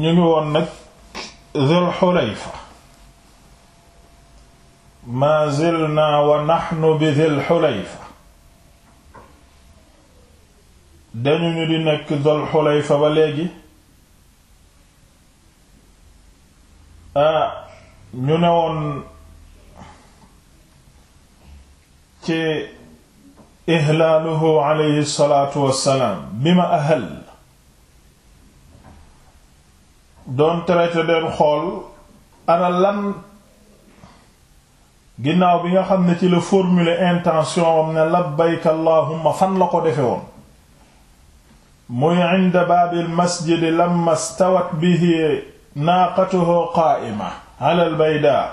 ñu ngi woon nag Zul Xulayfa maa zilnaa wa naxnu bi Zul Xulayfa dañu ñu léegi ah ñu ne woon ci ihlaaluhu alayhi salaatu wassalaam bima ahal doon traité den xool ana lan ginnaaw bi nga xam ne ci la formuler intention am ne labbayka fan la ko defe woon muy inda baabil masjidi lamma stawat bihi naaqatuhu qaa'ima ala al bayda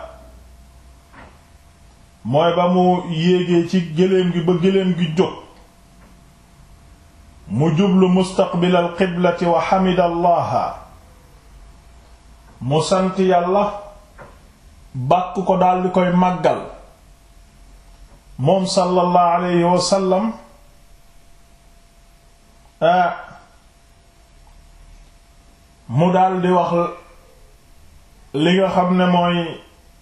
mooy ba mu yéegee ci gëléem gi ba gëléem gi jóg mu jublu mustaqbilal qiblati wa hamida allaha mu sant yàlla bàkk ko daldi koy màggal moom sallallahu alayhi wa ah, mu daldi wax li nga xam ne mooy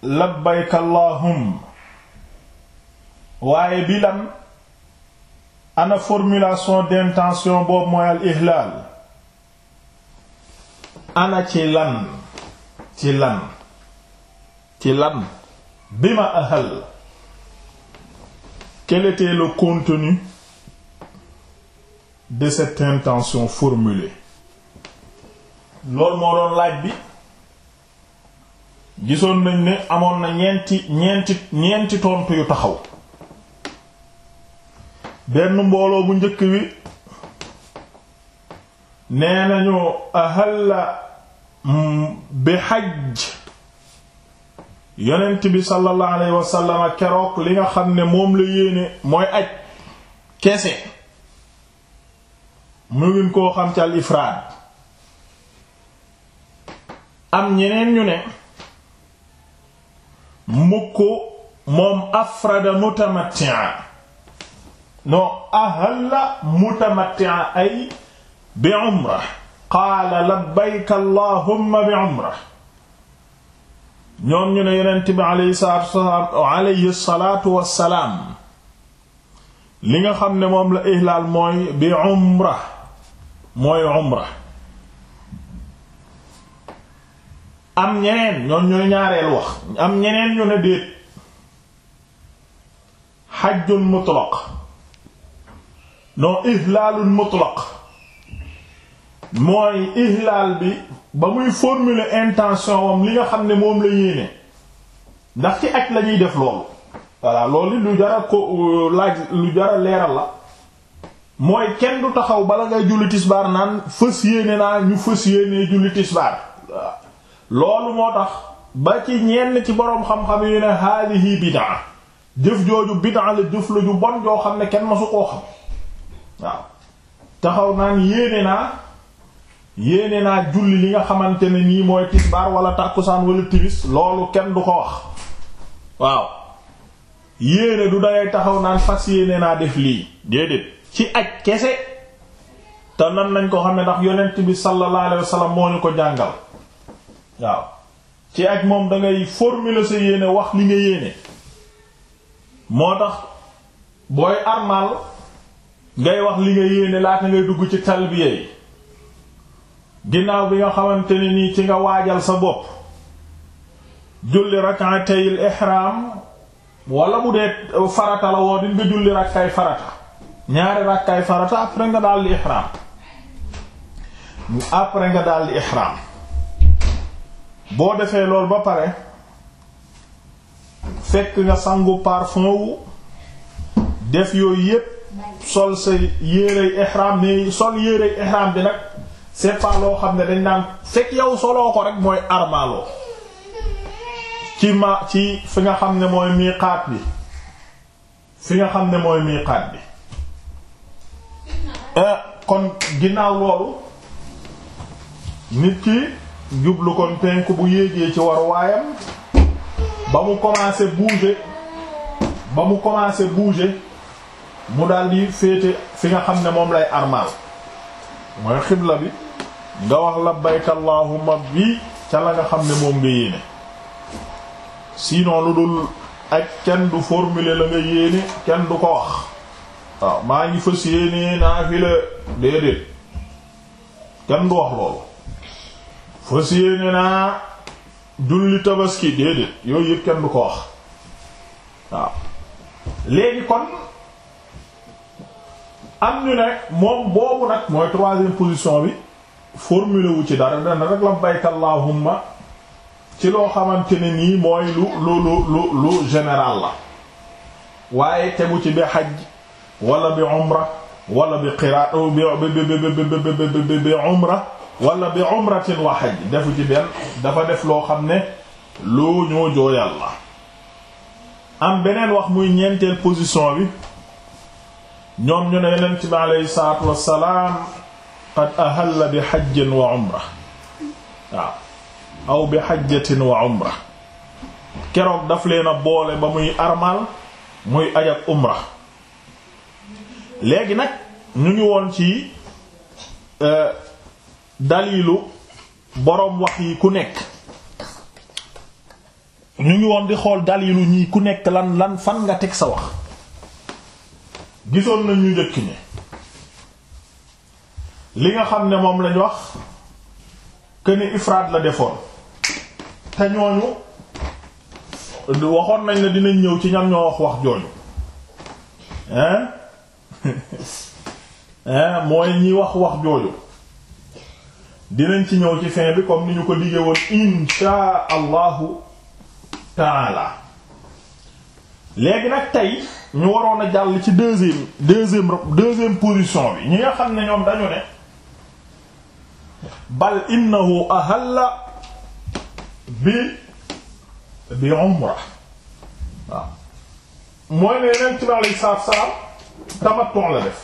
labbayka allahumma waaye bi lan ana formulation d'intention boobu mooy al ihlaal ana ci lan ci lan ci lan bi ma ahal quel était le contenu de cette intention formulée moo doon laaj bi gisoon nañ ne amoon na ñeenti ñeenti ñeenti tontu yu taxaw benn mbooloo bu njëkk wi nee nañu la Mm, bi xaj yonent bi sallallahu alayhi keroog li nga xam ne moom la yéene mooy aj kese mu ngeen koo xam ci al ifraad am ñeneen ñu ne mukk moom afrada mutamatti'a non ahalla mutamatti'a ay bi umra qaala labbayka allahumma bi umra ñoom ñu ne yonent bi alayhi salaatu salaam li nga xam ne moom la ihlaal mooy bi umra mooy umra am ñeneen ñoom ñooy ñaareel wax am ñeneen ñu ne déet xajjun mutlaq non ihlaalun mutlaq mooy ihlaal bi ba muy formuler intention wam li nga xam ne moom la yéene ndax ci aj lañuy def loolu voilà loolu lu jara ko euh, laaj lu jara leeral la mooy kenn du taxaw bala ngay julli tisbaar naan fës yéene naa ñu fës yéene julli tisbaar loolu moo tax ba ci ñenn ci boroom xam-xam yu ne haadihi bid'a jëf jooju bid'a jëf la ju bon joo xam ne kenn masu koo xam waaw taxaw naan yéene naa yéene naa julli li nga xamante ne nii mooy tisbaar wala tàkkusaan wala timis loolu kenn du ko wax waaw yéene du dangay taxaw naan fas yéene naa def lii déedéet ci aj kese te nan nañ ko xam ne ndax yonent bi sallallahu alayhi wasallam moo ñu ko jàngal waaw ci aj moom dangay formuler sa yéene wax li nga yéene moo tax booy armal ngay wax li nga yéene laata ngay dugg ci talbiya yi ginnaaw bi nga xamante ne nii ci nga waajal sa bopp julli rak'atayil ihraam wala bu dee farata la woon it nga julli rakkaay farata ñaari rakkaay farata après nga daal di ihraam après nga daal di ihraam boo defee loolu ba pare fekk nga sangu parfum wu def yooyu yépp sol sa yérey ihraam ne sol yérey ihraam bi nag c'est pas loo xam ne dañ naan fekk yow soloo ko rek mooy armaaloo ci ma ci fi nga xam ne mooy miiqaat bi fi nga xam ne mooy miiqaat bi eh, kon ginnaaw loolu nit ki jublu kon penku bu yéegee ci war waayam ba mu commencé bouger ba mu commencé bouger mu daldi féete fi nga xam ne moom lay armaal mooy xibla bi nga wax labbayka allahumma bi ca la nga xam ne moom nga yéene sinon lu dul ak kenn du formuler la nga yéene kenn du ko wax waaw maa ngi fas yéenee naa fi la déedéet kenn du wax loolu fas yéene naa julli tabaski déedéet yooyu yëpp kenn du ko wax waaw léegi kon am ñu ne moom boobu nag mooy troisième position bi formule wu ci dara dana rek labbayka allahumma ci loo xamante ne nii mooy lu lu lu lu lu général la waaye tegu ci bi xaj wala bi umra wala bi wala bi umratin wa xaj defu ci benn dafa def loo xam ne lu ñoo jooyal la am beneen wax muy ñeenteel position bi ñoom ñu ne yonent bi aleyhi salaatu wassalaam qad ahalla bi hajjin wa umra aw bi hajjatin wa umra keroog daf leen a boole ba muy armal muy aj umra léegi nag ñu ngi woon ci e, dalilu boroom wax yi ku nekk ñu ngi woon di xool dalilu ñii ku nekk lan lan fan nga teg sa wax gisoon nañ ñu njëkk ñi li nga xam ne moom lañ wax këni ifraat la defoon te ñooñu waxoon nañ la dinañ ñëw ci ñam ñoo wax wax jooju hein hein mooy ñi wax wax jooju dinañ ci ñëw ci fin bi comme ni ñu ko diggee woon insha allahu taala léegi nag tey ñu waroon a jàll ci deuxième deuxième deuxième position bi ñi nga xam ne ñoom dañu ne bal innahu ahalla bi bi umra waaw mooy ne yonent bi alayhi salaatu salaam tamattu la def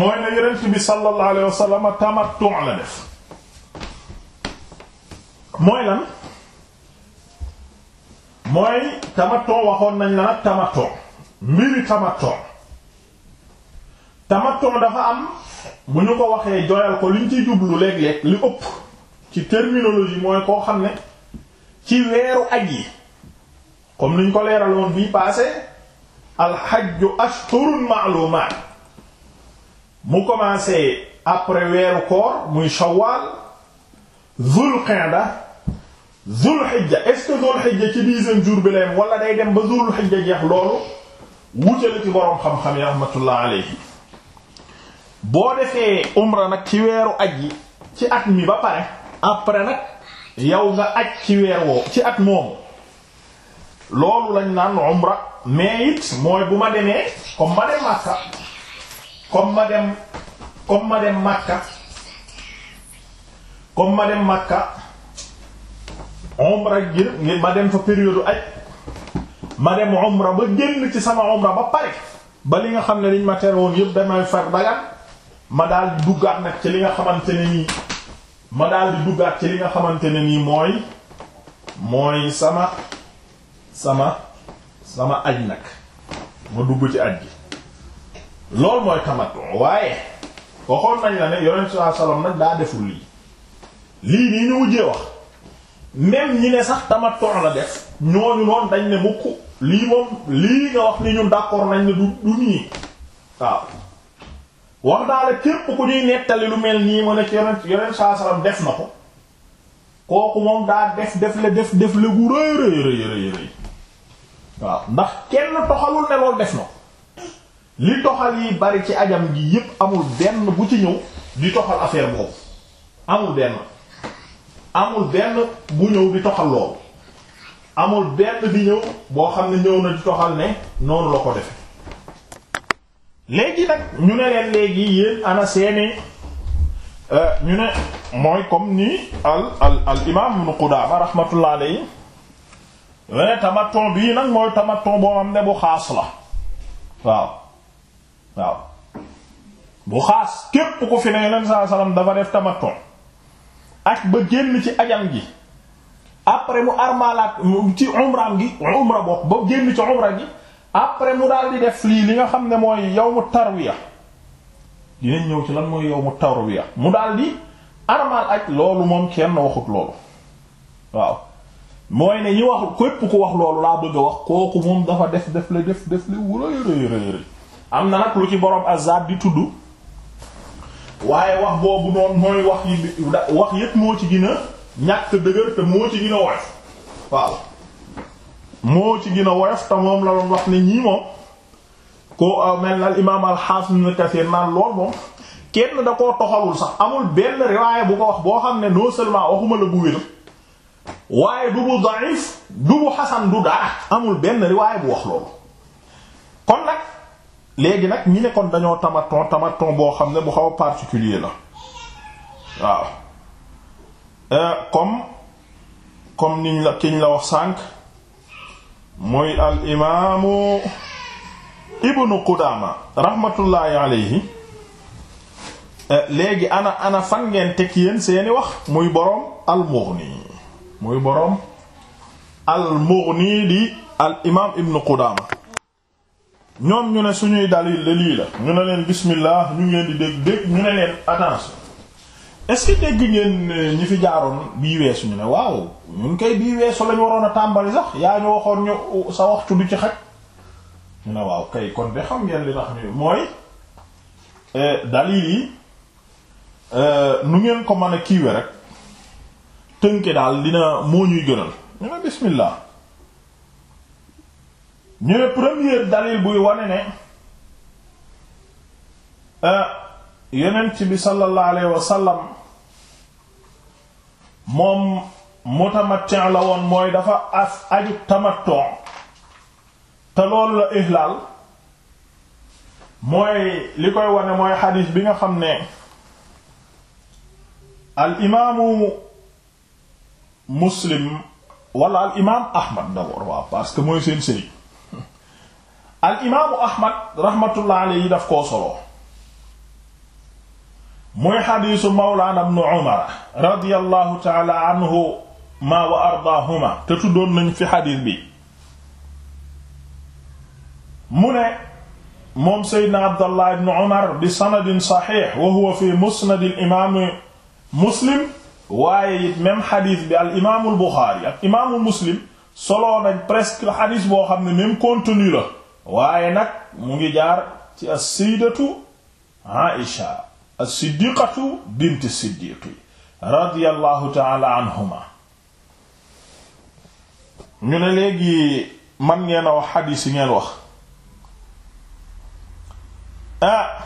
mooy ne yonent bi sallallahu alayhi wa sallam tamattu la def mooy lan mooy tamattu waxoon nañ la nag tamattu mbiri tamattu tamattu dafa am bu ñu ko waxee joyal ko liñ ciy jublu léeg-léeg li ëpp ci terminologie mooy koo xam ne ci weeru aj yi comme niñ ko leeraloon bii passé alxajju ashhurun maalumaat mu commencé après weeru koor muy shawwal zul qa'da zul xijja est-ce que zul xijja ci dixième jour bi lay wala day dem ba zul xijja jeex loolu wute la ci boroom xam-xam yi rahmatullah alayhi boo defee umra nag ci weeru aj yi ci at mi ba pare après nag yow nga aj ci weer woo ci at moomu loolu lañ naan umra mais it mooy bu ma demee comme ma dem Makka comme ma dem comme ma dem Makka comme ma dem Makka umra ngir ngir ma dem fa période aj ma dem umra ba génn ci sama umra ba pare ba li nga xam ne liñ ma terewoon yëpp damay far dagan ma daal di duggaat nag ci li nga xamante ne nii ma daal duggaat ci li nga xamante ne nii mooy mooy sama sama sama aj nag ma dugg ci aj gi loolu mooy tamattu waaye waxoon nañ la ne yonent sallallahu alayhi wasallam lii lii nii ñu wujjee wax même ñi la def ñooñu noonu dañ ne mukk lii moom lii nga wax ni ñun d'accord nañ ne du du nii waaw wax naa la képp ku ñuy nettali lu mel nii mën a ci yonent yonent saa def na ko kooku moom daa def def la def defle gu rëy rëy rëy waaw ndax kenn toxalul ne loolu def na ko li toxal yi bari ci ajam gi yépp amul benn bu ci ñëw di toxal affaire boobu amul benn amul benn bu ñëw di toxal loolu amul benn di ñëw boo xam ne ñëw na di toxal ne noonu la ko defe léegi nag ñu ne leen léegi yéen ana seeni euh, ñu ne mooy comme nii al al al imaam Ibn Qudaama rahmatullah alayhi wene tamaton bii nag mooy tamaton boo ne bu xaas la waaw waaw bu xaas képp ko fi ne yonent saa salaam dafa def tamaton ak ba génn ci ajam gi après mu armalaat ci umraam gi umra bokk ba génn ci umra gi après mu daal di def lii li nga xam ne mooy yawmu tarwiya dinañ ñëw ci lan mooy yawmu tarwiya mu daal di armal ak loolu moom kenn waxut loolu waaw mooy ne ñi wax képp ku wax loolu laa bëgg a wax kooku moom dafa def def la def def la wurëy rëy rëy am na nag lu ci borom azab di tudd waaye wax boobu noonu mooy wax yi wax yépp moo ci gën a ñàkk dëgër te moo ci gën a waaw moo ci gën a woyof te moom la doon wax ni ñii moom ko euh, mel na al imaam al xaafis ibn Kasiir naan lool moom kenn da koo toxalul sax amul benn riwaaya bu ko wax boo xam ne non seulement waxuma la bu wér waaye du bu da'if du bu xasan du dara amul benn riwaaya bu wax loolu kon nag léegi nag ñi ne kon dañoo tamaton tamaton boo xam ne bu xaw a particulier la waaw euh, comme comme niñ la kiñ la wax sànq muy al imaamu ibnu Qudaama rahmatullahi alayhi eh, léegi ana ana fan ngeen teg yéen seeni wax muy boroom al-Mughni muy boroom al-Mughni di al imaam ibnu Qudaama ñoom ñu ne suñuy dalil la lii la ñu ne leen bismillah ñu ngeen di dégg dégg ñu ne leen attention est-ce que dégg ngeen ñi fi jaaroon bii weesu ñu ne waaw ñun kay bii weesu lañu waroon a tàmbali sax yaa ñu waxoon ñu sa waxtu du ci xaj ñu ne waaw kay kon de xam ngeen li tax mooy e, dalil yi e, nu ngeen ko mën a kiiwe rek tënke daal dina moo ñuy gënal ñu ne bismillah ñu ne premier dalil buy wane ne e, yonent bi sallallahu alayhi wa sallam moom mutamatti la woon mooy dafa as aju tamattu te loolu la ihlaal mooy li koy wane mooy xadiis bi nga xam ne al imaamu muslim wala al imaam ahmad d'abord waaw parce que mooy seen sëriñ al imaamu ahmad rahmatullah alayhi daf koo solo mooy xadiisu mawlaana ibnu umar radiyallahu taala anhu ma wa ardaahuma te tuddoon nañ fi xadiis bi mu ne moom seydna abdallah ibnu umar bi sanadin saxiix wa huwa fi musnadi alimaami muslim waaye it même xadiis bi al imaamul buxaari ak imaamu muslim soloo nañ presque xadiis boo xam ne même contenu la waaye nag mu ngi jaar ci as-sayyidatu Aïcha as-siddiqatu bint siddiqi radiyallahu ta'ala anhuma ñu ne léegi man ngeen a wax ngeen wax ah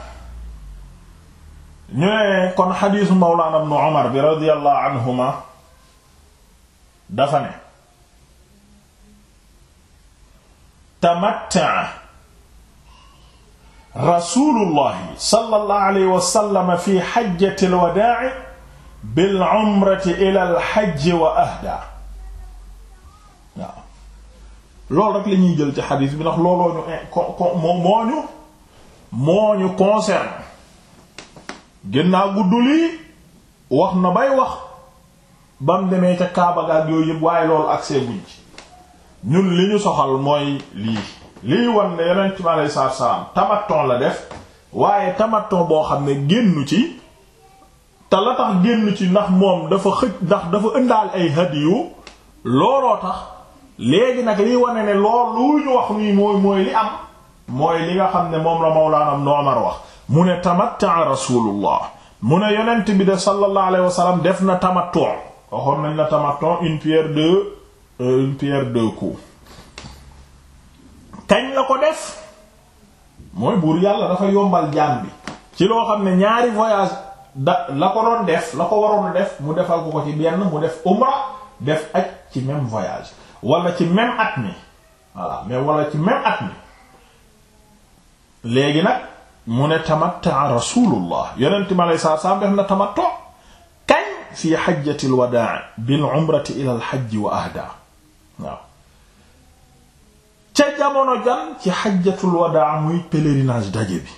ñu ne kon xadiisu mawlaana ibnu Umar bi radiyallahu anhuma dafa ne tamatta rasulullahi sallallahu alayhi fi hajjati alwadaa'i bil umrati ila al hajji waaw loolu rek la ñuy jël ci xadiis bi ndax looloo ñu eh, moo ñu moo ñu concerne ginnaaw guddul yi wax na bay wax bam demee ca Kaaba ga yooyu yëpp waaye loolu ak see buñ ñun li ñu soxal mooy lii lii wan ne yonent bi aleyhi salaatu salaam tamaton la def waaye tamaton boo xam ne génnu ci te la tax génn ci ndax moom dafa xëj ndax dafa ëndaal ay hadiyu looloo tax léegi nag liy wane ne lool lu ñu wax nii mooy mooy li am mooy li nga xam ne moom la mawlaanam noomar wax mu ne tamatta rasulullah mu ne yonent bi de sallallahu alayhi wa def na tamattu waxoon nañ la tamattu pierre deux euh, une pierre deux coups kañ la ko def mooy buur yàlla dafa yombal jaam ci loo xam ne ñaari voyage da la ko doon def la ko waroon def mu defal ko ko ci benn mu def umra def aj ci même voyage wala ci même at mi voilà mais wala ci même at mi léegi nag mu ne tamatta rasulullah yonent mi alei satu salaam def na tamattu kañ fi hajjatil wadaa bil umrati ila al wa ahda ca jamono jan ci xajjatul wadaa muy pèlerinage daje bi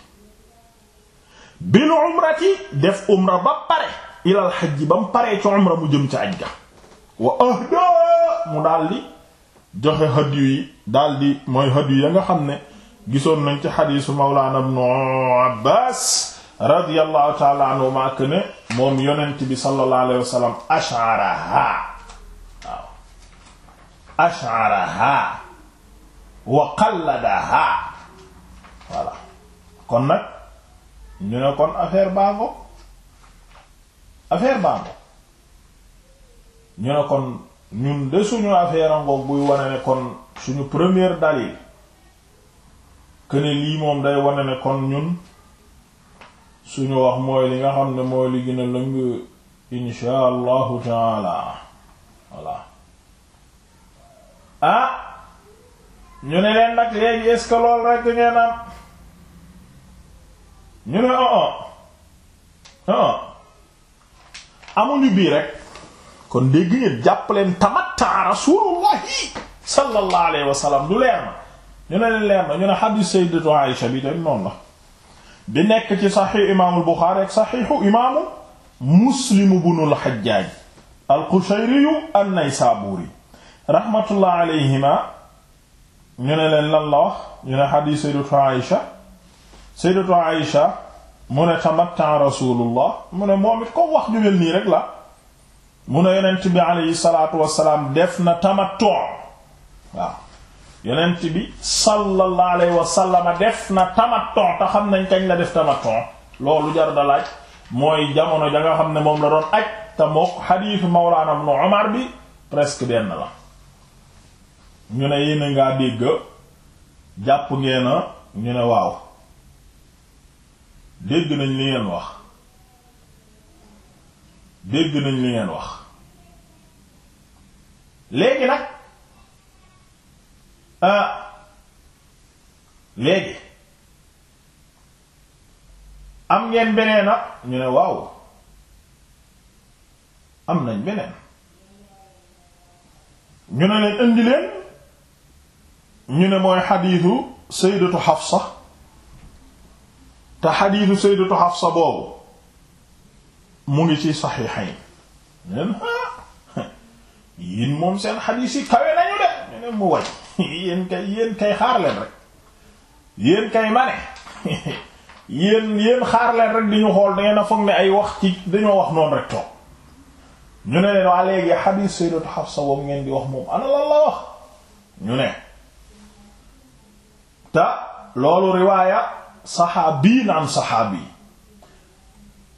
bil umrati def umra ba pare ilal xajji ba mu paree ci umra mu jëm ci aj ga wa ahda mu daldi joxe hadiyu yi daldi mooy hadiyu ya nga xam ne gisoon nañ ci xadiisu mawlaana ibnu Abbaas radiyallahu taala anhuma ak ne moom yonent bi sallallahu alayhi wa wa qalladaha voilà kon nag ñu ne kon affaire bango affaire bango ñu ne kon ñun de suñu affaire ngoog buy wane ne kon suñu première dalil këne lii moom day wane ne kon ñun suñu wax mooy li nga xam ne mooy li gën a lëng insha allahu taala voilà ah ñu ne leen nag léegi est-ce lool rekk ngeen am ñu ne oo oh, oo oh, oh, amuñu bii rek kon dégg ngeen jàpp leen tamatta rasulullahi sallallahu alayhi wa sallam du leer na ñu ne leen leer na ñu ne xadiis sayyidatu Aïsha bi tamit noonu la bi nekk ci saxiixu imaamu Buxaari ak saxiixu imaamu Muslim ibnul Hajjaaj al-Qushayri an-Naysaburi rahmatullah alayhima ñu ne leen lan la wax ñu ne xadiis sayyidatu Aïsha sayyidatu Aïsha mu ne tamatta rasulullah mu ne moom it ko wax ñu mel nii rek la mu ne yonent bi aleyhi salaatu wassalaam def na tamattu waaw yonent bi sallallahu alayhi wa sallam def na tamattu te xam nañ kañ la def tamattu loolu jar da laaj mooy jamono ja nga xam ne moom la doon aj te mook xadiisu mawlaana ibnu Umar bi presque benn la ñu ne yéen ngaa dégg jàpp ngeena ñu ne waaw dégg nañ li ngeen wax dégg nañ li ngeen wax léegi nag ah léegi am ngeen beneen a ñu ne waaw am nañ beneen ñu ne leen indi leen ñu ne mooy xadiisu sayyidatu Xafsa te xadiisu sayyidatu Xafsa boobu mu ngi ci saxiixayn neen ah, yéen moom seen xadiis yi kawe nañu de ñu ne mu way yéen kay yéen kay xaar leen rek yéen kay mane yéen yéen xaar rek di xool da ngeen a foog ne ay wax ci dañoo wax noonu rek toog ñu ne waa léegi xadiis sayyidatu Xafsa boobu ngeen di wax moom ana ñu ne te loolu riwaaya saxaabiin an saxaabi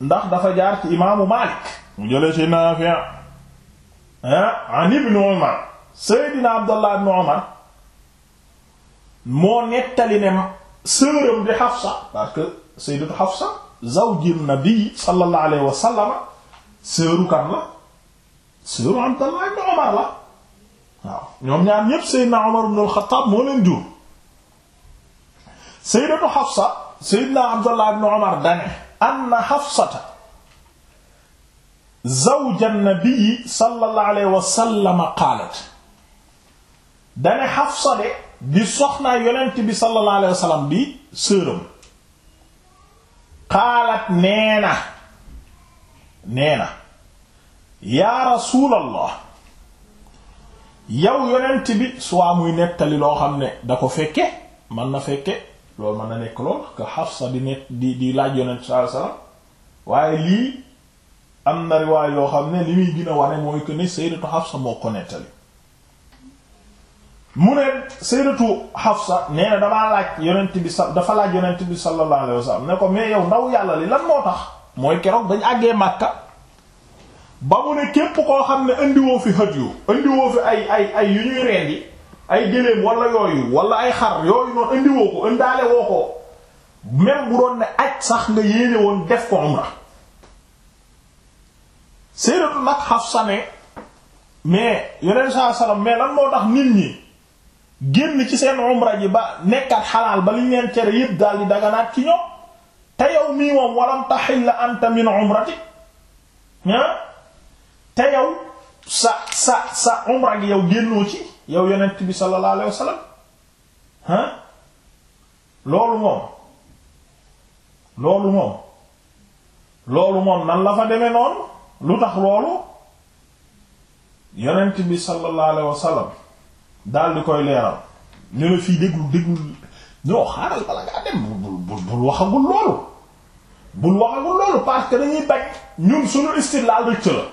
ndax dafa jaar ci imaamu Maalik mu jële ci Naafi' an ibn Umar Seydina Abdallah ibn Umar moo nettali ne sëram di Hafsa parce que Sayyidatu Hafsa zawji nabi sallallahu alayhi wa sallam sëru kan la sëru Abdallah ibn Umar la waaw ñoom ñaar ñépp Seydina Umar ibn al-Khattab moo leen jur sayyidatu Hafsa sayyidna Abdullah ibn Umar dane anna Hafsata zawja an-nabi sallallahu alayhi qaalat dane Hafsa de di soxnaa yonent bi sallallahu alayhi wa sallam di sëram qaalat nee na yaa rasuulallah yow yonent bi su waa muy nettali loo xam ne da ko fekke man na fekke loolu ma na nekk lool que Hafsa di nekk di di laaj yonent sa sa waaye lii am na riwaay yoo xam ne li muy gën a wane mooy que ne sayyidatu sa moo ko nettali mu ne xaf sa nee na damaa laaj yonent bi sa dafa laaj yonent bi sallallahu alayhi sa ne ko mais yow ndaw yàlla li lan moo tax mooy keroog bañ àggee Makka ba mu ne képp koo xam ne indiwoo fi hëj yu indiwoo fi ay ay ay yu ñuy rendi ay gëléem wala yooyu wala ay xar yooyu noonu indiwoo ko indaale woo ko même bu doon ne aj sax nga yéene woon def ko umra séeréetu nag Hafsa ne mais yeneen saa salaam mais lan moo tax nit ñi génn ci seen umra ji ba nekkat xalaal ba li ñu leen cere yëpp daal di daganaat ci ñoom te yow mii moom walam tahilla anta min umrati te yow sa sa sa umra gi yow génnoo ci yow yonent bi sallallahu alayhi wasallam ah loolu moom loolu moom loolu moom nan la fa demee noonu lu tax loolu yonent bi sallallahu alayhi wasallam daal di koy leeral ñu ne fii déglu déglu ñoo xaaral bala ngaa dem bul bul waxagul loolu bul waxagul loolu parce dañuy bañ ñun suñu istidlaal rëcc la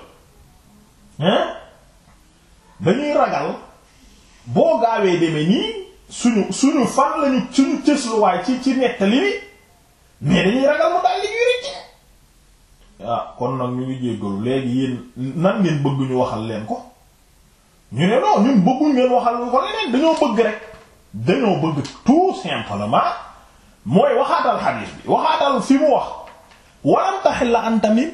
hein dañuy ragal boo gaawee demee nii suñu suñu fan lañu suñu cësluwaay ci ci nettali bi mais dañuy ragal mu daal li ñuy rëcc ah kon nag ñu ngi jéggalu léegi yéen nan ngeen bëgg ñu waxal leen ko ñu ne non ñun bëgguñ ngeen waxal ñu ko leneen dañoo bëgg rek dañoo bëgg tout simplement mooy waxaatal xadiis bi waxaatal fi mu wax walam taxil la an tamit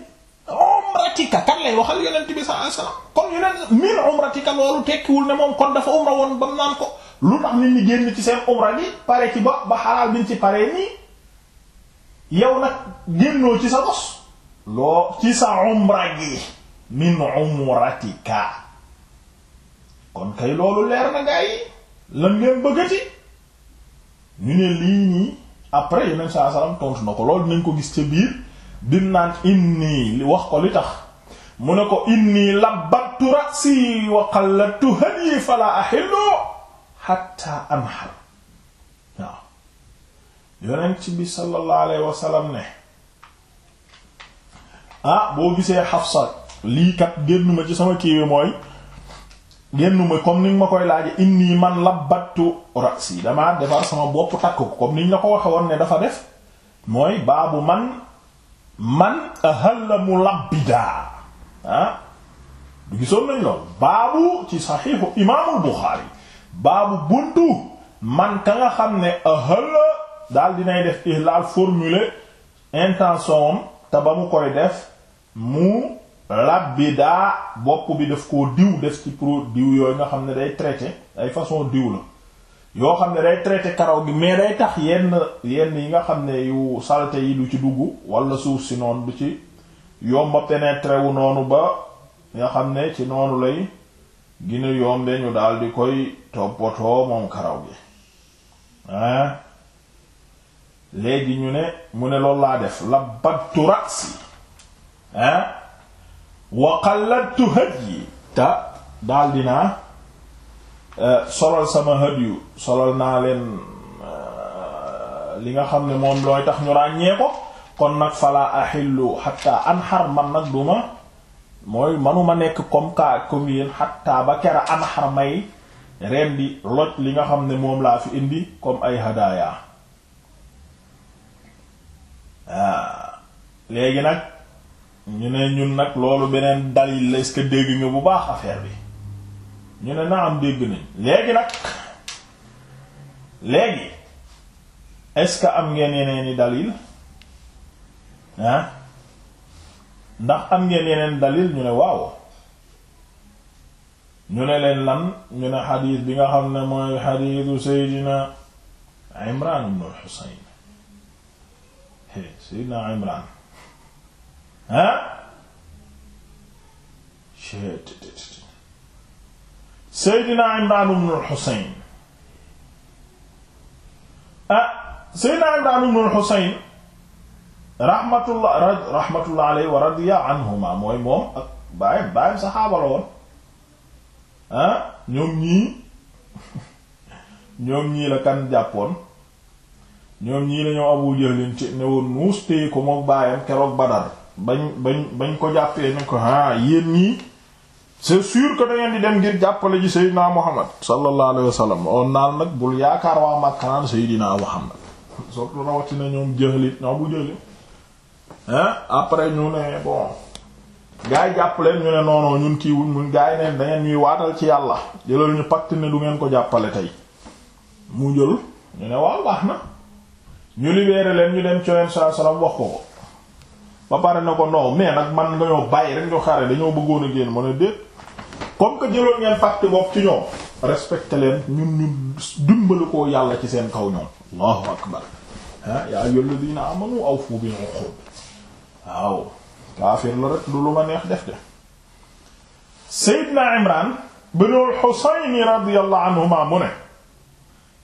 umratika kan lay waxal yonent bi sa alayhi wasallam kon yonent min umratika loolu tekkiwul ne moom kon dafa umra woon ba mu naan ko lu tax nit ñi génn ci seen umra gi pare ci ba ci paree nii yow ci sa bos loo ci loolu leer na gaa yi lan ngeen bëggati ñu tontu na ko loolu dinañ ko gis ca biir bim naan inni wax ko li tax mu ne ko inni labbattu ra'si wa qallattu hadi fala ahillu hatta anhar waaw yonent bi sallallahu alayhi wa ne ah boo gisee Hafsa lii kat génnuma ci sama kiiwe mooy génnuma comme ni ma koy laaj inni man labbattu ra'si damaa defar sama bopp takk ko comme niñ la ko waxe woon ne dafa def mooy baabu man man ahalla mulabbidaa ah du gisoon nañ lool baabu ci saxiixu imaamul Buxaari baabu buntu man ka nga xam ne ahalla daal dinay def ihlaal formule intention am te ba mu koy def mu daa bopp bi daf koo diw def ci pro diw yooyu nga xam ne day traité ay façon diw la yoo xam ne day traité karaw gi mais day tax yenn yenn yi nga xam ne yu saleté yi lu ci dugg wala suuf si noonu du ci yomba pénétrer wu noonu ba nga xam ne ci noonu lay gina yombe ñu daal di koy toppatoo moom karaw gi ah léegi ñu ne mu ne loolu laa def labbattu rasi ah wa qalladtu hajyi ta daal dinaa Eh, solal sama hadiyu solal naa leen eh, li nga xam ne moom looy tax ñu ràññee ko kon nag fala ahillu hatta anhar man nag duma mooy manuma nekk comme ka comme yéen hatta ba kera anhar may ren di loj li nga xam ne moom laa fi indi comme ay hadaya eh, léegi nag ñu ne ñun nag loolu beneen dalil la est-ce dégg nga bu baax affaire bi ñu ne naa am dégg nañ léegi nag léegi est am ngeen yeneeni dalil ah ndax am ngeen yeneen dalil ñu ne waaw ñu ne leen lan ñu ne xadiis bi nga xam ne mooy xadiisu Seydina Imraan ibn al Seydina Imraan ah Seydina Imraan ibnul Xuseyn ah Seydina Imraan ibnul Xuseyn raxmatullah raxmatullah alayhi wa radiya anhuma mooy moom ak baayam baayam saxaaba la woon ah ñoom ñii ñoom ñii la kan jàppoon ñoom ñii la ñoo Abu Jahlin ci ne woon nuus téye ko moom baayam keroog Badar bañ bañ bañ ko jàppee ñu ko ah yéen ñii c'est sûr que da di dem ngir jàppale ji Seydina Muhammad sallallahu alayhi wa sallam on naan nag bul yaakaar waa Makka naan Seydina Muhammad surtout rawatina ñoom jëxlit ñoo bu jëli hein après ñu ne bon gaa yi ñu ne noonoo ñun kiiwuñ mun gaa yi dangeen ñuy waatal ci yàlla jëlal ñu pacte ne du ngeen ko jàppale tey mu jël ñu ne waaw baax na ñu libéré leen ñu dem ci Yonent sallallahu alayhi wax ko ko ba pare na ko non mais nag man nga ñoo bàyyi rek ñu xare dañoo bëggoon a génn mën a déet comme que jëloon ngeen pacte bopp ci ñoom respecté leen ñun ñu dimbali ko yàlla ci seen kaw ñoom allahu akbar ah yaa ayyuhal ladina amanu awfu bil uqud waaw kaafir rek du lu ma neex def de Seydina Imran binul Husayn radiyallahu anhuma mu ne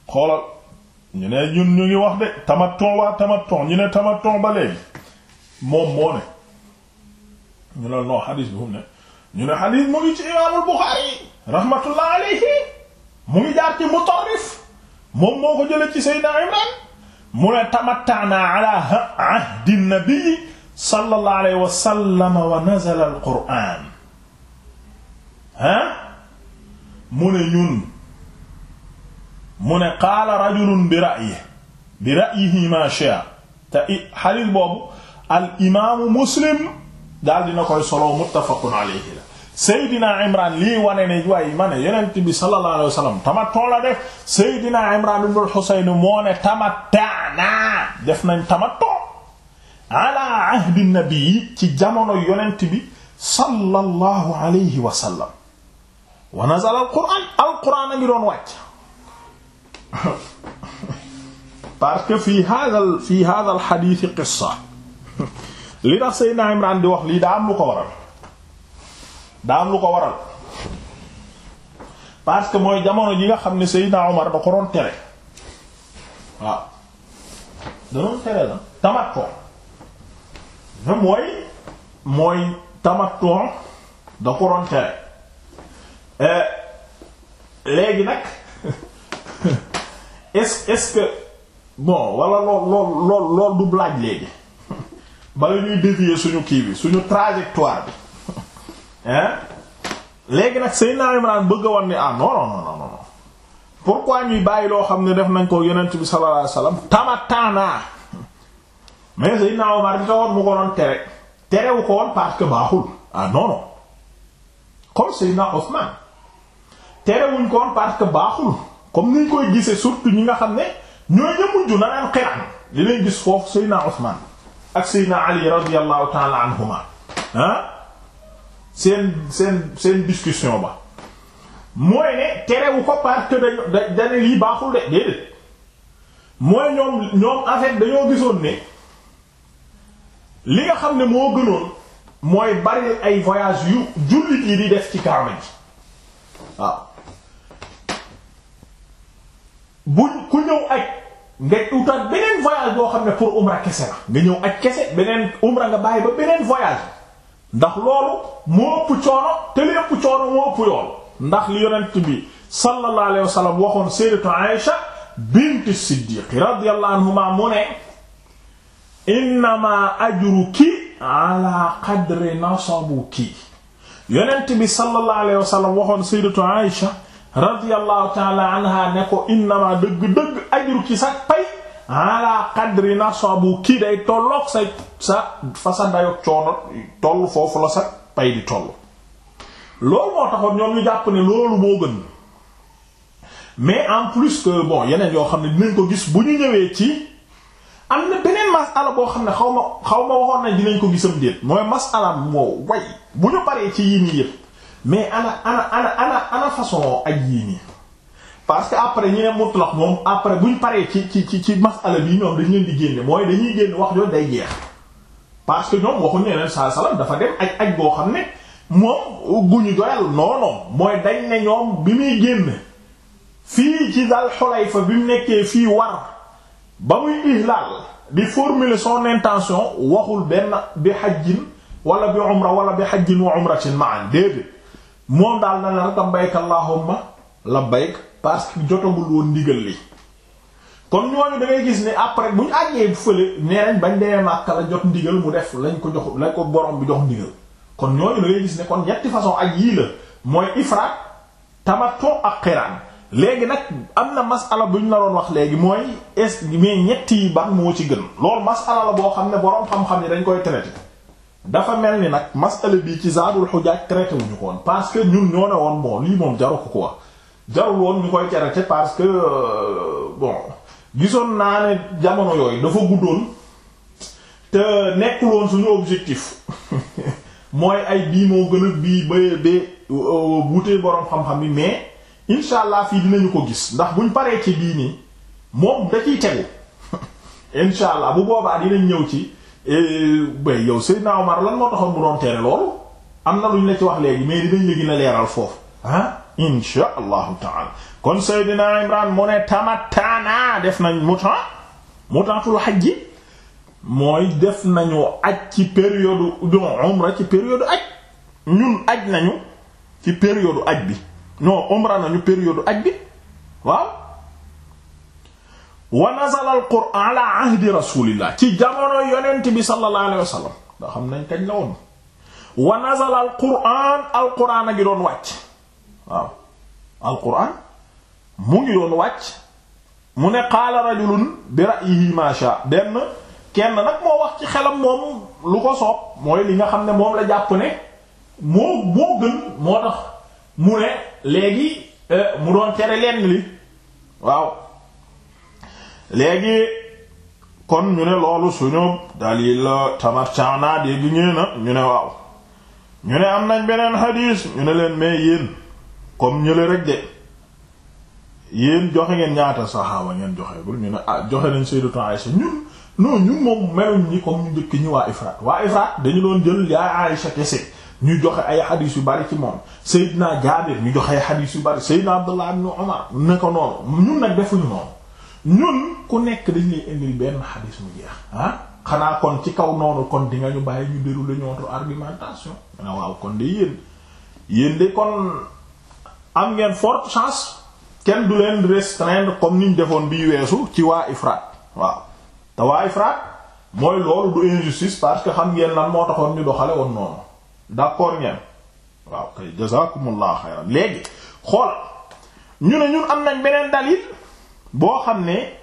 xoolal ñu ne ñun ñu ngi wax de tamaton waa tamaton ñu ne tamaton ba léegi moom moo ne ñu ne non xadis bi mu ne ñu ne xadis mu ngi ci imaamul Buxaari rahmatullah alayhi mu ngi jaar ci Mutarrif moom moo ko jëlee ci Seydina Imraan mu ne tamatta'naa ala ahdi nabi sallallahu alayhi wa sallam wa nazala al-Qur'aan ah mu ne ñun mu ne qaala rajulun bi ra'yihi bi ra'yihi maa shaa'a te xadis boobu. al imaamu muslim daal dina koy solo muttafaqun alayhi la Seydina Imran lii wane ne waaye ma ne yonent bi sallallahu alayhi wa sallam tamattu la def Seydina Imran ibn al-Husayn moo ne tamattaana def nañ tamattu ala ahdi nabi ci jamono yonent bi sallallahu alayhi wa sallam wa nazala al-Qur'an al-Qur'an a ngi doon wàcc parce que fi hadha fi hadha al-hadith qissa li tax Seydina Imran di wax lii daa am lu ko waral daa am lu ko waral parce que mooy jamono ji nga xam ne Seydina Omar da ko doon tere waaw da doon tere la tamattu na mooy mooy tamattu da ko doon tere eh, léegi nag est-ce bon wala lool lool lool du blaaj léegi bala ñuy dévier suñu kii bi suñu trajectoire bi hein léegi nag Seydina Imran bëgg a wan ni ah non non non non pourquoi ñuy bàyyi loo xam ne def nañ ko yonent bi sallallahu alayhi wasallam tamataanaa mais Seydina Omar bi taxoon mu ko doon tere terewu ko woon parce que baaxul ah non non comme Seydina Ousmane terewuñ ko woon parce que baaxul comme niñ koy gisee surtout ñi nga xam ne ñooy ña mujj na naan xiraan li lay gis foofu Seydina Ousmane ak Seydina Ali radiyallahu ta'ala anhuma ah seen seen seen discussion ba mooy ne terewu ko parce que dañu dañu lii baaxul de déedéet mooy ñoom ñoom en fait dañoo gisoon ne li nga xam ne moo gënoon mooy bari ay voyage yu jullit yi di def ci Kaaba ji waaw bu ku ñëw ak nga utaat beneen voyage boo xam ne pour umra kese la nga ñëw ak kese beneen umra nga bàyyi ba beneen voyage ndax loolu mu ëpp coono te li ëpp coono moo ëpp yoon ndax li yonent bi sallallahu alayhi wasallam waxoon sayyidatu Aisha binti Siddiq radiyallahu anhuma mu ne ki ajruki ala qadri nasabuki yonent bi sallallahu alayhi wasallam waxoon sayyidatu Aisha radiyallahu taala anha ne ko innama dëgg-dëgg ajru ci sa pay ala qadri nasabu kii day tolloog sa sa fa sa dayog coono toll foofu la sa pay di toll loolu moo taxoon ñoom ñu jàpp ne loolu moo gën mais en plus que bon yeneen yoo xam ne dinañ ko gis bu ñu ñëwee ci am na beneen masala boo xam ne xaw ma xaw ma waxoon nañ dinañ ko gisam déet mooy masala moo way bu ñu paree ci yii nii yépp mais ana ana ana ana façon aj yii nii parce que après ñu ne mutlaq moom après buñ paree ci ci ci ci masala bi ñoom dañ di génne mooy dañuy génn wax jooju day jeex parce que ñoom waxuñ ne leen dafa dem aj aj boo xam ne moom guñu doyal non non mooy dañ ne ñoom bi muy génn fii ci dal xulayfa bi mu nekkee fii war ba muy ihlal di formuler son intention waxul benn bi xajjin wala bi umra wala bi xajjin wa umratin ma'an déedéet moom daal na ne rek labbayk la bayk parce que jotagul woon ndigal li kon ñooñu da gis ni après bu ñu àggee fële nee bañ demee Makka la jot ndigal mu def lañ ko jox lañ ko borom bi jox ndigal kon ñooñu da ngay gis ne kon ñetti façon ak yii la mooy ifraat tamattu ak xiraan léegi nag am na masala bu ñu la doon wax léegi mooy est mais ñetti yi moo ci gën loolu masala la boo xam ne borom xam-xam ni dañ koy traité. dafa mel ni nag masala bi ci zaadul xujaaj traité wuñu ko woon que ñun ñoo ne woon bon lii moom jaru ko quoi jarul woon ñu koy traité parce que euh, bon gisoon naa ne jamono yooyu dafa guddoon te nekkul woon suñu objectif mooy ay bii moo gën bi ba bee euh, wutee boroom xam-xam yi mais incha allah fii dinañu ko gis ndax buñ paree ci bii nii moom da ciy tegu incha allah bu boobaa dinañ ñëw ci. bay yow Seydina Omar lan moo taxoon mu doon tere loolu am na lu ñu la ci wax léegi mais dinañ la gën a leeral foofu ah insha allahu taala kon Seydina Imran mu ne tamattaana def nañ muta mutaatul xaj ji mooy def nañu aj ci période don umra ci période aj ñun aj nañu ci période aj bi non umra nañu période aj bi waaw wa nazala al qur'an ala ahdi rasulillah ci jamono yonent bi sallallahu alayhi wa sallam nga xam nañ kañ la woon wa nazala al qur'an al qur'an a ngi doon wàcc waaw al qur'an mu ngi doon wàcc mu ne qaala rajulun bi ra'yihi ma sha benn kenn nag moo wax ci xelam moom lu ko soob mooy li nga xam ne moom la jàpp ne moo moo gën moo tax mu ne léegi euh, mu doon tere lenn li waaw léegi kon ñu ne loolu suñu dalil tamatana dégg ngeen na ñu ne waaw ñu ne am nañ beneen xadiis ñu ne leen mais yéen comme ñële rek de yéen joxe ngeen ñaata saxaaba ngeen joxe bul ñu ne ah joxe nañ Sayyidatu Aïsha ñun non ñun moom ñu njëkk ñi waa dañu doon jël yaa Aïsha kese ay xadiis yu bari ci moom Seydina Jaabir ñu joxe ay xadiis yu bari Seydina Abdullah ibn Umar ne ko noonu ñun nag defuñu noonu ñun ku nekk dañ lay indil benn xadis mu jeex ah xanaa kon ci kaw noonu kon di nga ñu bàyyi ñu dérouler ñootu argumentation na waaw kon de yéen yéen de kon am ngeen forte chance kenn du leen restreindre comme niñ defoon bi weesu ci waa ifrat waaw te waa ifrat mooy loolu du injustice parce que xam ngeen lan moo taxoon ñu doxale woon noonu d'accord ngeen waaw kay jazakumullah xayran léegi xool ñu ne ñun am nañ beneen dalil boo xam ne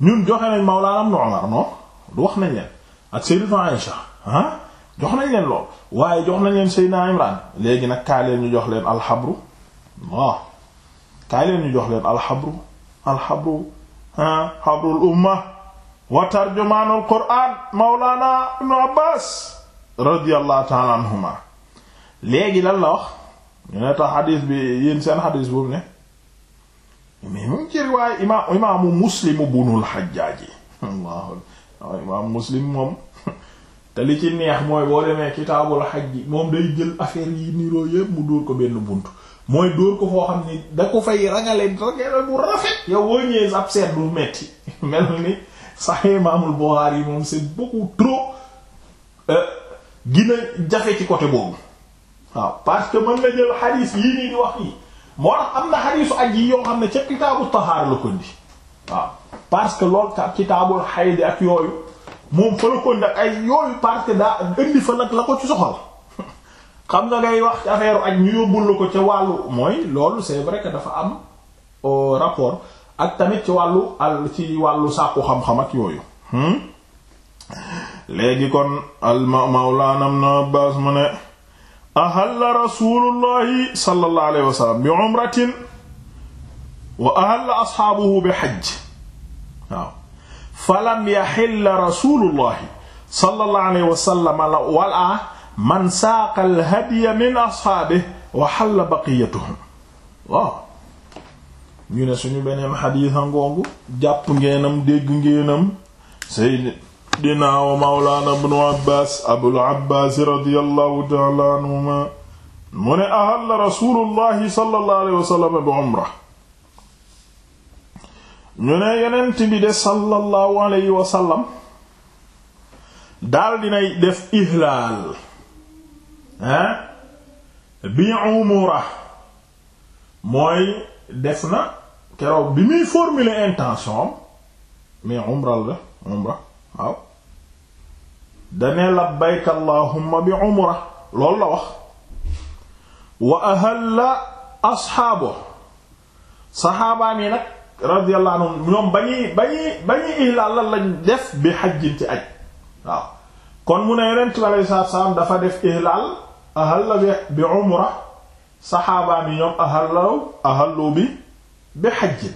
ñun joxe nañ Mawlaana Ibnu Umar non du wax nañ leen ak Sayyidatu Aïsha ah jox nañ leen lool waaye jox nañ leen Sayyidina Imraan léegi nag kaay leen ñu jox leen alxabru waaw kaay leen jox leen alxabru alxabru ah xabrul umma wa tarjumaanul Qur'aan Mawlaana Ibnu Abbaas radiyallahu ta'ala anhuma léegi lan la wax ñu ne tax xadiis bi yéen seen xadiis boobu ne mais mu ngi ci riwaaye imaam imaamu muslimu bunul xajjaaji waaw imaamu muslim ah, moom te li ci neex mooy boo demee kitaabul xajji moom day jël affaire yi niroo yëpp mu dóor ko benn bunt mooy dóor ko foo xam ni da ko fay rangale rangale bu rafet yow woo ab seet bu metti mel ni Sahih Imaamul Buxaari yi moom c'est beaucoup trop euh, gina jafe ci côté boobu waaw parce que mën nga jël xadiis yii nii wax nii moo tax am na xadiisu aj yi yoo xam ne ca kitaabu tahaara la ko indi waaw parce que loolu ta kitaabul xaydi ak yooyu moom fa la ko indi ak ay yooyu parce que daa indi fa nag la ko ci soxal xam nga ngay wax ci affaire aj ñu yóbbul la ko ca wàllu mooy loolu c'est vrai que dafa am euh, rapport ak tamit ci wàllu al ci wàllu sàkku xam-xam ak yooyu hmm? léegi kon al mawlaana ibn Abbaas mu ne ahalla rasulullahi sallallahu alayhi wa sallam bi umratin wa ahalla asxaabuhu bi xajj waaw falam yaxilla rasulullahi sallallahu alayhi wa sallam wala man saaqa alhadiya min asxaabihi wa xalla baqiyatuhum waaw ñu ne suñu beneen xadiis a ngoongu jàpp ngeenam dégg ngeenam sayyid sayyidina wa mawlana ibnu abbaas abul abbaas radiyallahu ta'ala anhuma mu ne ahalla rasulullahi sallallahu alayhi wa sallam ñu ne yonent bi de sallallahu alayhi wa daal dinay def ihlaal ah bi umra mooy def na keroog bi muy formuler intention mais umra la umra waaw dane labbayka allahumma bi umra loolu la wax wa ahalla asxaabo saxaabaan yi nag radiyallahu anhum ñoom ba ñuy ba ñuy ihlaal lan lañ def bi xajjin aj waaw kon mu ne yonent bi alayhi salaatu dafa def ihlaal la bi bi umra saxaabaan yi ñoom ahallaw ahallu bi bi xajjin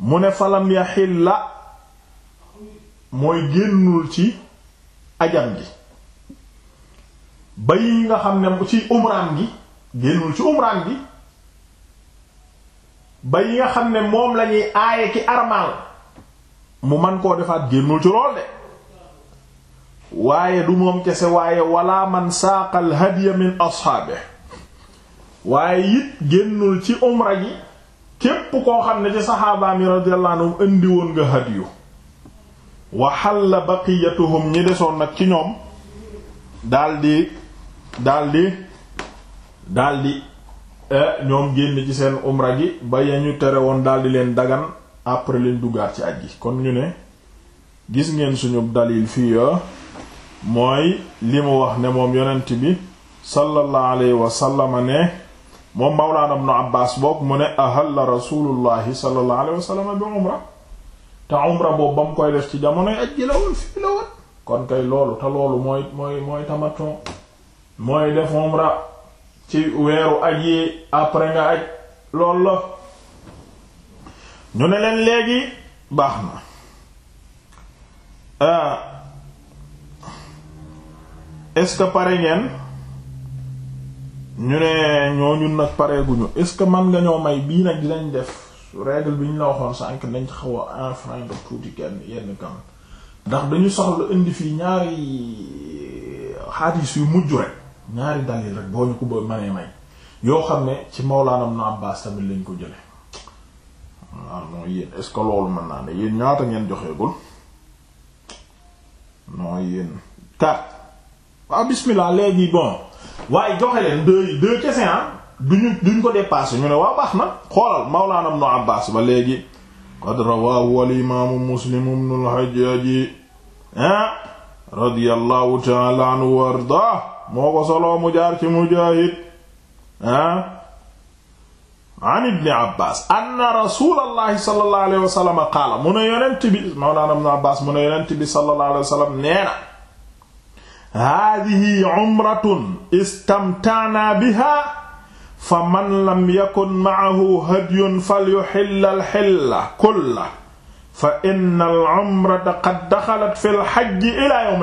mu ne falam yaxilla mooy génnul ci ajam gi ba yi nga xam ne ci umraam gi génnul ci umraam ba yi nga xam ne moom lañuy aaye ki armaal mu man koo defaat génnul ci lool waaye du moom kese waaye walaa man saaqal hadiya min ashaabe waaye it génnul ci umra gi képp koo xam ne ci saxaabaami radiyallahu anhum indi woon nga hadiyu waxalla baqiyatuhum ñi desoon nag ci ñoom daldi daldi daldi eh, ñoom génn ci seen umra gi ba ya ñu tere woon daldi leen dagan après leen duggaat ci aj gi kon ñu ne gis ngeen suñu dalil fii mooy li mu wax ne moom yonent bi sallallahu alayhi wa sallam ne moom mawlaana ibnu Abbaas bokk mu ne ahalla rasuulullahi sallallahu alayhi wa sallam bi umra te umra boobu ba mu koy def ci jamonoy aj ji la woon fii la kon kay loolu te loolu mooy mooy mooy mooy def umra ci weeru aj yi après nga aj loolu la ñu ne leen léegi baax na euh, est-ce pare ngeen ñu ne ñun nag pareeguñu est-ce que man nga ñoo may bii nag dinañ def règle bi ñu la waxoon sànq nañ xaw a enfreindre tuuti kenn yenn kan ndax dañu soxla indi fii ñaari eh, xadiis yu mujj rek ñaari dalil rek boo ñu ko ba mënee may yoo xam ne ci Mawlaana Ibn Abbaas tamit lañ ko jële waaw non yéen est loolu mën naa ne yéen ñaata ngeen joxeegul non yéen quatre waaw bismillah léegi bon waaye joxe leen deux deux kese ah duñu duñ ko dépassé ñu ne waa baax na xoolal Mawlaana Ibnu Abbaas ba léegi qad rawaahu al-imaamu Muslim ibnu al-Hajjaaj ah radiyallahu ta'ala anhu wa ardaa moo ko soloo mu jaar ci Mujaahid ah an Ibni Abbaas anna rasuulallahi sallallahu alayhi wa sallam qaala mu ne yonent bi Mawlaana Ibnu Abbaas mu ne yonent bi sallallahu alayhi wa sallam nee na haadihi umratun istamta'naa bihaa fa man lam yakun maahu hadyun fa inna alumrata qad daxalat fi lxajji ila yowm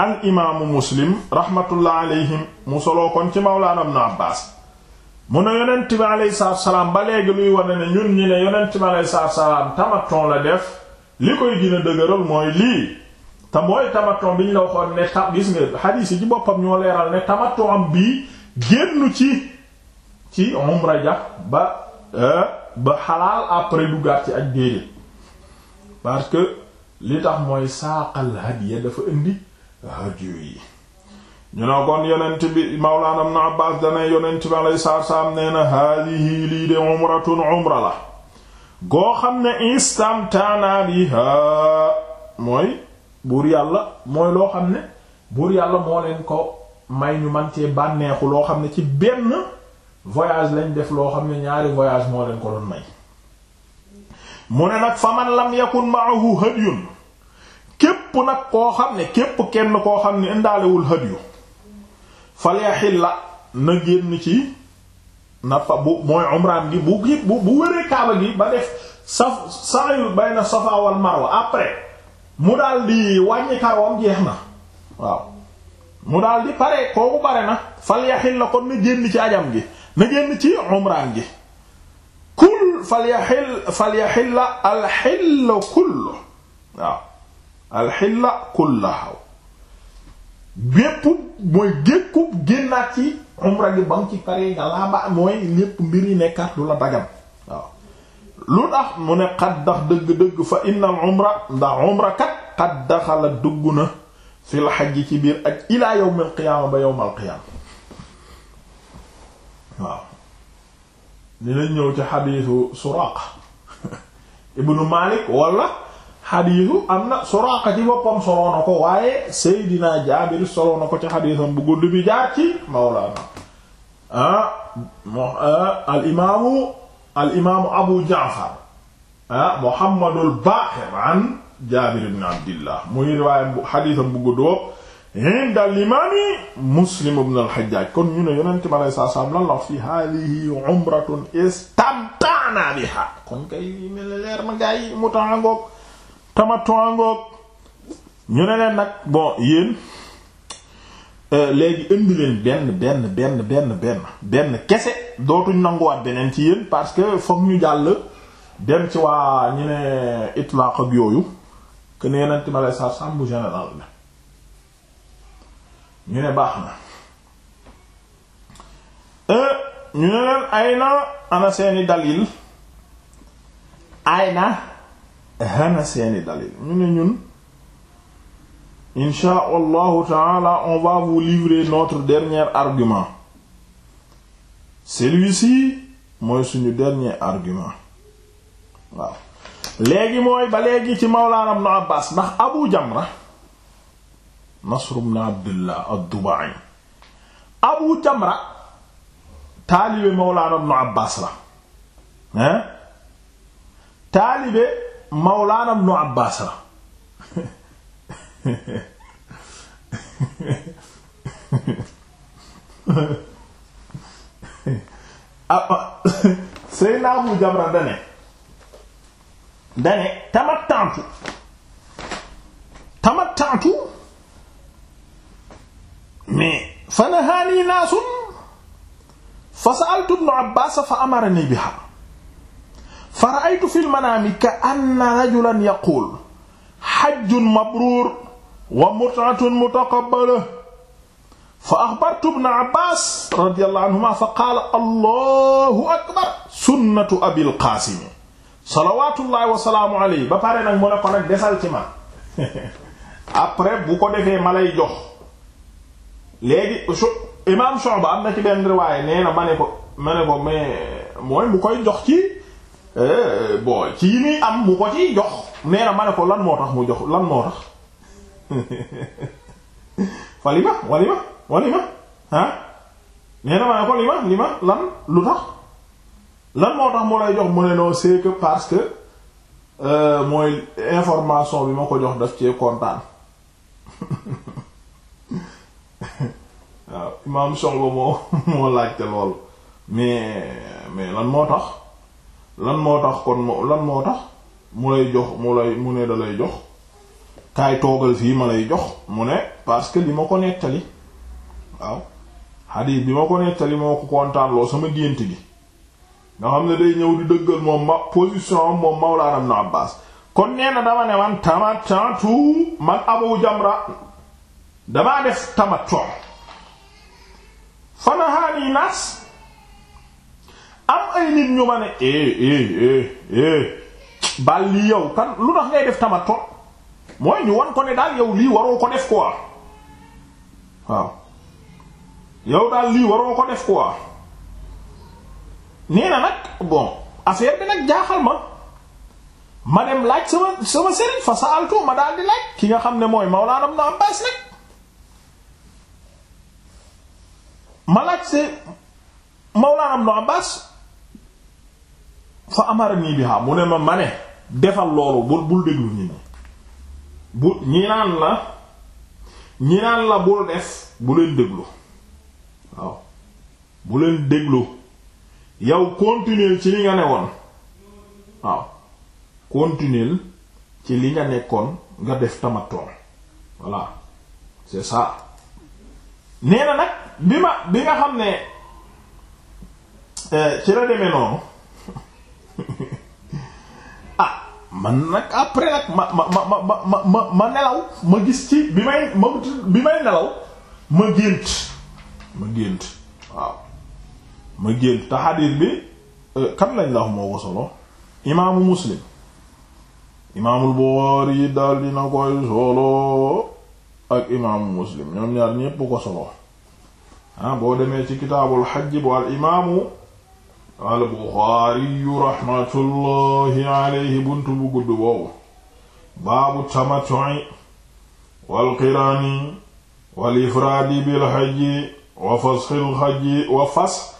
al imaamu muslim rahmatullah alayhim mu kon ci mawlaana ibnu abbaas mu ne yonent bi aleyhi salaatu salaam ba léegi luy wane ne ñun ñi ne yonent bi aleyhi salaatu salaam tamaton la def li koy gën a mooy lii te mooy tamaton bi ñu la waxoon ne ta yi ci boppam ñoo leeral ne tamaton am bii génn ci ci umra ja ba euh, ba xalaal après duggaat ci ak déedéet parce que li tax mooy saaqal hadiya dafa indi hadiyu yi ñu ne kon yonent bi Mawlana Ibn Abbas dana yonent bi alayhi salaam nee na haadihi lii de umratun umra la goo xam ne istamtaana biha mooy buur yàlla mooy loo xam ne buur yàlla moo leen ko may ñu man cee bànneexu loo xam ne ci benn voyage lañ def loo xam ne ñaari voyage moo leen ko doon may mu ne nag fa man lam yakun ma'ahu hadyun képp nag koo xam ne képp kenn koo xam ne indaalewul hadyu la na génn ci na fa bu mooy umraan gi bu bu bu wëree kaaba gi ba def saf sa'yu bayna safa wal après mu daal di wàññi karawam jeex na waaw mu daal di pare kooku pare na fal yaxil la kon na génn ci ajam gi na génn ci umraan gi kul fal yaxil fal yaxil la alxilla kullu waaw alxilla kullahaw bépp mooy gékkub génnaat ci umra gi ba ci pare nga laa ba mooy lépp mbir yi nekkaat lu la dagam lu tax mu ne xat dëgg-dëgg fa innal umra ndax umra kat xat daxala dugg na fil xaj ci biir ak ilaa yawmal qiyaama ba yawmal qiyaama waaw dinañ ñëw ci xadiisu Suraaqa ibnu Maalik wala xadiisu am na Suraaqa ci boppam soloo ko waaye Seydina Jaabir soloo na ko ci xadiisam bu gudd bi jaar ci Mawlaana ah, ah, al imaamu al imaamu abu jaafar ah muhammadul baqir an jaabir ibn abdillah muy riwaayam bu xadiisam bu guddoo inda al imaami muslim ibn al hajjaaj kon ñu ne yonent bi alayhi salaam lan la fi haadihi umratun istamta'na biha kon kay mel leer ma gaa yi mu taangoog tamattu angoog ñu ne leen nag bon yéen Euh, léegi indi leen benn benn benn benn benn benn kese dootuñ nanguwaat beneen ci yéen parce que fokk ñu jàll dem ci waa ñu ne itlaq ak yooyu que nee nañ ci ma lay général la ñu ne baax na. Euh, ñu ne leen ay ana seeni dalil ay ana seeni dalil ñu ne ñun. Incha allahu taala on va vous livrer notre dernier argument celui mooy suñu dernier argument waaw léegi mooy ba léegi ci Mawlaana Ibn Abbaas ndax Abu Jamra Nasr ibn Abdullah ad-Dubai Abu Jamra taalibe Mawlaana Ibn Abbaas la hein taalibe Mawlaana Ibn Abbaas la ah, ah. sëy naa bu jamra dane dane tamattantu tamattantu mais fa nahaanii naasun fa sa'altu ibnu abbaas fa amarani biha fa ra'aytu fil manaami ka anna rajulan yaquul hajjun mabruur wa mut'atun mutaqabbala fa axbartu ibn Abbaas radiyallahu anhuma fa qaala allahu akbar sunnatu abil qaasim salawaatullahi wa salaamu alayhi ba pare nag mu ne ko nag desal ci ma après bu ko defee ma lay jox léegi su imaam Shu'ba am na ci benn riwaaya nee na ma ne ko ma ne ko mais mooy mu koy jox ci eh, bon ci yi muy am mu ko ciy jox nee na ma ne ko lan moo tax mu jox lan moo tax fa li ma wali ma wali ma ah nee lan lu tax lan moo tax moo lay jox mu ne non c'est parce que euh, mooy information bi ma ko jox def cee kontaan waaw imaam Sonko moo moo laajte lool mais mais lan moo tax lan moo tax kon lan moo tax mu lay jox mu lay mu ne da jox kaay toogal fii ma lay jox mu ne parce que li ma ko nettali waaw xadiis bi ma ko nettali moo ko kontaanloo sama gént gi nga xam ne day ñëw di dëggal moom ma position moom Mawlaana Ibn Abbaas kon nee dama ne man tamattu man Abu Jamra damaa def tamattu fanahaani naas am ay nit ñu ma ne eh eh, eh, eh yow kan lu tax ngay def tamattu mooy ñu wan ko ne daal yow lii waroo ko def quoi waaw yow daal lii waroo ko def quoi nee na nag bon affaire bi nag jaaxal ma ma dem laaj sama ki nga xam ne mooy Mawlaana Ibn Abbaas nag ma laaj se ma ne defal loolu bul bul déglu ñi ne bu ñi la ñi la bul def bu leen déglu waaw bu leen déglu yow continuer ci li nga ne woon waaw continuer ci li nga nekkoon nga def tamatoon voilà c'est ça nee na nag bi ma bi nga xam ne euh, ci la demee noonu man nag après nag ma ma ma ma ma ma ma nelaw ma gis ci bi may ma bi may nelaw ma gént ma gént waaw ma gént te bi euh, kan lañ la moo ko solo imaamu muslim imaamul Buxaari daal dina koy solo ak imaamu muslim ñoom ñaar ñépp ko solo ah, boo demee ci kitaabul xajj bu al imaamu albuxaariyu raxmatullahi alayhi bunt bu gudd boobu baabu tamatoi walqiraani walifraadi bilxajji wa fasxil xajji wa fas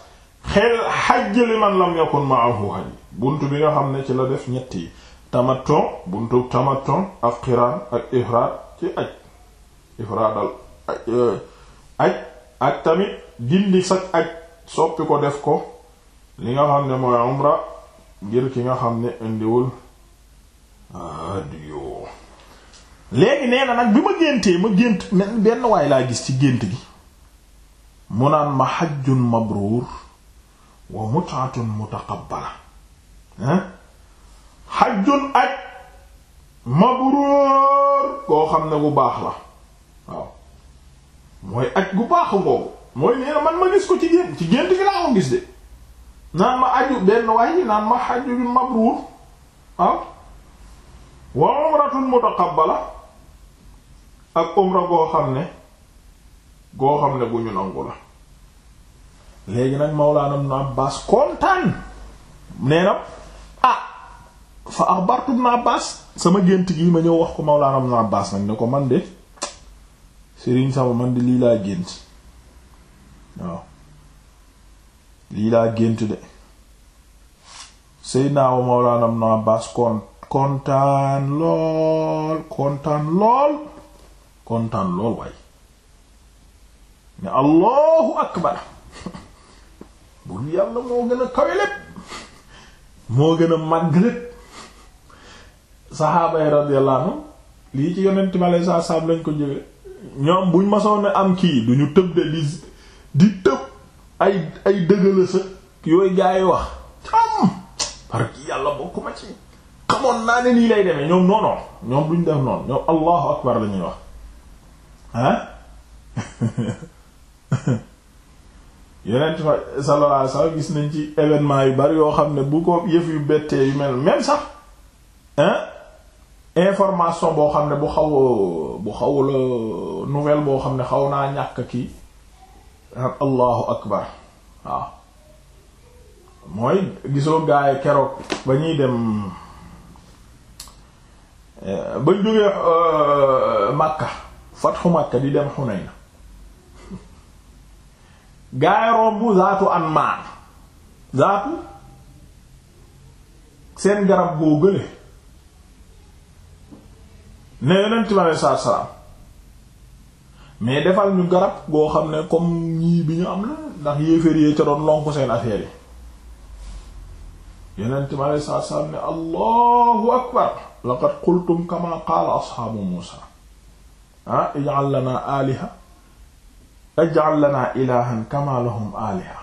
xel xajji li man lam yakun maahu hajj bunt bi nga xam ne ci la def ñetti tamaton buntu tamaton ak qiraan ak ifraad ci aj ifraadal aj eh, ak tamit dindi sax aj soppi ko def ko li nga xam ne mooy umra ngir ki nga xam ne indiwul ah, adiyo léegi nee nag bi ma géntee ma gént benn waay laa gis ci gént gi mu naan ma xajjun mabruur wa mut'atun mutaqabbala hein xajjun mabruur koo xam ne bu baax la waaw mooy aj gu baax ngoogu mooy nee man ma gis ko ci gént ci gént gi laa ko gis de naan ma aju benn waay naan ma hajjun mabruur ah wa umratun mutaqabbala ak umra goo xam ne goo xam ne bu ñu nangu la léegi nag Mawlaana Ibn Abbaas kontaan nee na ah fa axbartu Ibn Abbaas sama gént gi ma ñëw wax ko Mawlaana Ibn Abbaas nag ne ko man de Serigne sama man de lii laa gént waaw lii laa gént de Seydina wa Mawlana Ibn Abbas kon kontaan lool kontaan lool kontaan lool waay ne allahu akbar bur yàlla moo gën a kawe lépp moo gën a màgg lépp saxaaba yi radiyallahu lii ci yonent bi alei lañ ko jóge ñoom buñ masoon ne am kii duñu tëb de di di tëb ay ay dëgëla sa yooyu gaa yi wax am parce que yàlla bokk ma ci xamoon naa ne nii lay demee ñoom noonoon ñoom duñ def noonu ñoom allahu akbar la ñuy wax ah yeneen fa sallallahu alayhi wasallam gis nañ ci événement yu bari yoo xam ne bu ko yëf yu bettee yu mel même sax ah information boo xam ne bu xaw bu xaw nouvelle boo xam ne xaw naa ñàkk kii allahu akbar waaw mooy gisoo gaay keroog ba ñuy dem eh, ba ñu jógee eh, Makka fatxu Makka di dem Xunayna gaay romb zaatu anmaan zaatu seen garab goo gële ne yonent bi aleyhi salaatu salaam mais defal ñu garab goo xam ne comme ñii bi ñu am la ndax yéeféer yee ca doon lonku seen affaire yi yeneent mi alei saatu ne allahu akbar laqad qultum kama qaala asxaabu muusa ah ij'al lana aliha ij'al lana ilahan kama aliha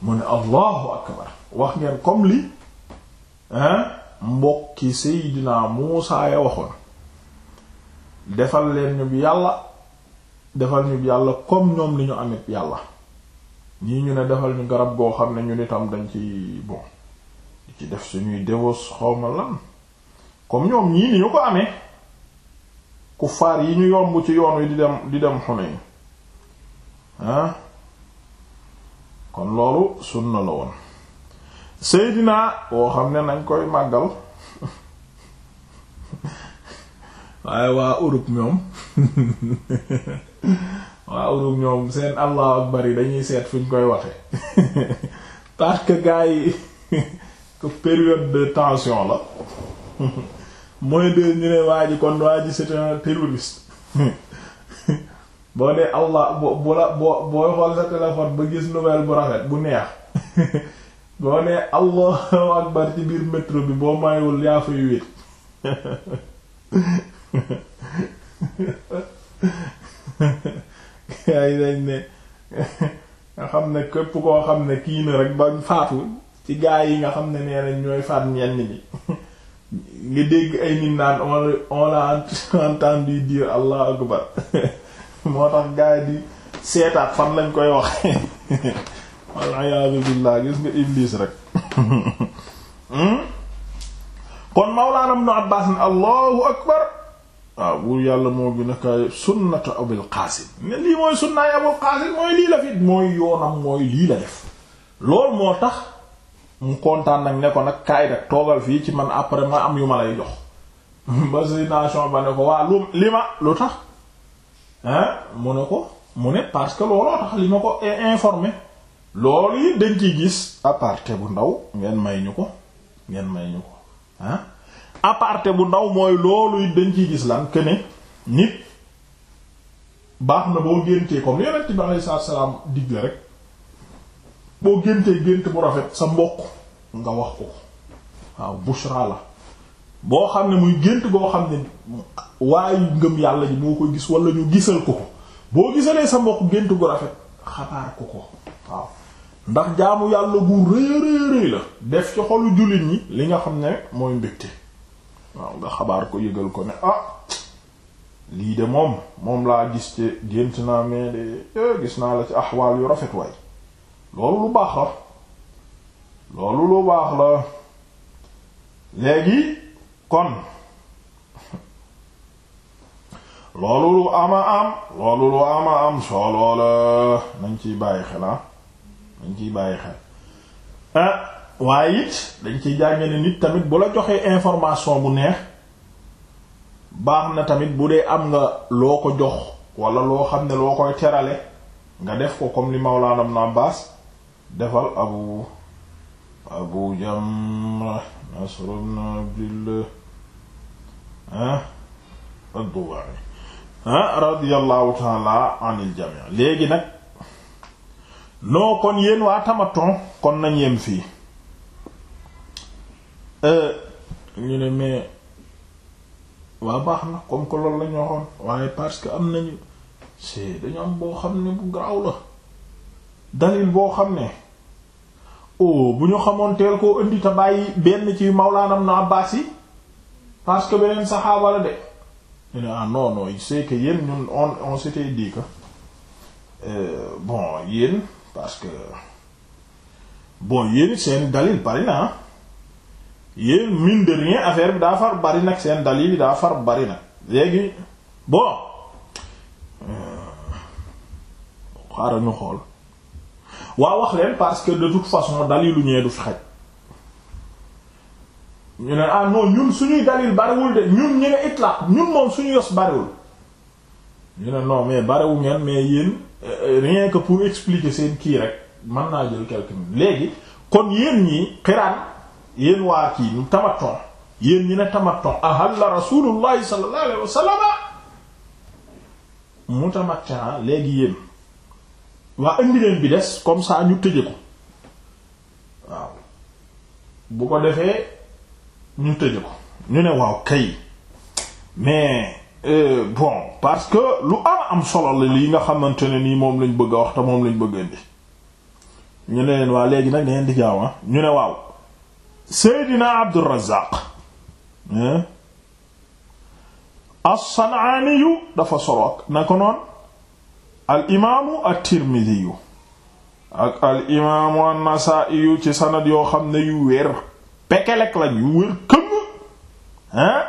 mu ne allahu akbar wax ngeen comme li mbokki seydina muusa ya waxoon defal leen ñu yàlla defal ñu yàlla comme ñoom li ñu amit yàlla ñii ñu ne defal ñu garab goo xam ne ñu nitam dañ ci bon ci def suñuy dévos xawma lan comme ñoom ñii ni ñu ko amee ku faar yi ñu yomb ci yoon wi di dem di dem Hunayn ah kon loolu sunna la woon Seydina woo xam ne nañ koy màggal waaye waa Europe ñoom waaw Europe ñoom seen allahu akbar yi dañuy seet fuñ koy waxe parce que gars yi que période de tension la mooy de ñu ne waa ji kon waa ji c'est un boo dee allah bo bu la boo booy xool sa téléphone ba gis nouvelle bu rafet bu neex boo nee allahu akbar ci biir métro bi boo mayul yaa fay wéet gaa yi dañ ne nga xam ne képp koo xam ne kii na rek ba faatu ci gaa yi nga xam ne nee ñooy faat ñenn ñi nga dégg ay nit naan on on a entendu dire allah akbar moo tax gaa yi di seetaat fan lañ koy wax waliyasu billah gis nga iblis rek hmm? kon mawlaana ibnu abbas allahu akbar waaw buur yàlla moo gën a kaay sunnatu abul qaasim ne lii mooy sunnaay abul qaasim mooy lii la fi mooy yoonam mooy lii la def loolu moo tax mu kontaan nag ne ko nag kaay nag toogal fii ci man après ma am yu ma lay jox ba si nation ba ne ko waa lu li ma lu tax hein mu ne ko mu ne parce que looloo tax li ma ko informé loolu yi dañ ci gis aparté bu ndaw ngeen may ñu ko ngeen may ñu ko ah aparté bu ndaw mooy loolu it dañ ciy gis lan que ne nit baax na boo géntee comme yonent bi alayhi salaatu salaam digle rek boo géntee gént bu rafet sa mbokk nga wax ko waaw bushra la boo xam ne muy gént goo xam ne waaye ngëm yàlla ji moo ko gis wala ñu gisal ko ko boo gisalee sa mbokk gént gu rafet xabaar ko ko waaw ndax jaamu yàlla gu rëy rëy rëy la def ci xolu jullit ñi li nga xam ne mooy mbégte waaw nga xabaar ko yëgal ko ne ah lii de moom moom laa gis ci gént naa mais de eh, gis naa la ci axwaal yu rafet waay loolu lu baax la loolu lu baax la léegi kon loolu lu ama am loolu lu ama am solo la nañ ciy bàyyi xel ah. nañ ciy bàyyi xel eh, waaye it dañ ciy jànge ne nit tamit bu la joxee information bu neex baax na tamit bu dee am nga loo ko jox wala loo xam ne loo koy terale nga def ko comme li Mawlana Ibn Abbas defal abu abu Jamra Nasr ibn Abdillah ah ad-Duwani ah radiyallahu taala anil léegi nag noo kon yéen waa tamaton kon nañ yem fii Euh, ñu ne mais waa baax na comme que loolu la waaye parce que am nañu c'est dañu am boo xam ne bu garaaw la dalil boo xam ne oh bu ñu xamoon teel koo indi te benn ci mawlaanam na Abbaas yi parce que beneen saxaaba la de ñu ne ah non non c'est que yéen ñun on on s'était dit euh, bon yéen parce que bon yéen seen dalil bari na ah. yéen mine de rien affaire bi daa far bari nag seen dalil yi daa far bari nag léegi bon euh, xaaral ñu xool waa wax leen parce que de toute façon dalilu ñee du fi xaj ñu ne ah non ñun suñuy dalil bariwul de ñun ñu ne itlaq ñun moom suñu yos bariwul ñu ne non mais bariwu ngeen mais yéen euh, rien que pour expliquer seen kii rek mën naa jël quelques minutes léegi kon yéen ñi xiraan yéen waa kii ñu tamaton yéen ñu ne tamaton ahalla rasulullahi sallallahu alayhi wa sallama mutamatta léegi yéen waa indi leen bi des comme ça ñu tëje ko waaw bu ko defee ñu tëje ko ñu ne waaw kay mais euh, bon parce que lu am am solo la yi nga xamante ne nii moom lañ bëgg a wax moom lañ bëgg indi ñu ne leen waa léegi nag neen di gaaw ah. ñu ne waaw Seydina Abdurrazaaq eh? as-Sanaaniyu dafa sorook na ko noon al imaamu at-Tirmidiyu ak al imaamu an-Nasaa'iyu ci sanad yoo xam ne yu wér pekelek lañ yu wér këmm ah eh?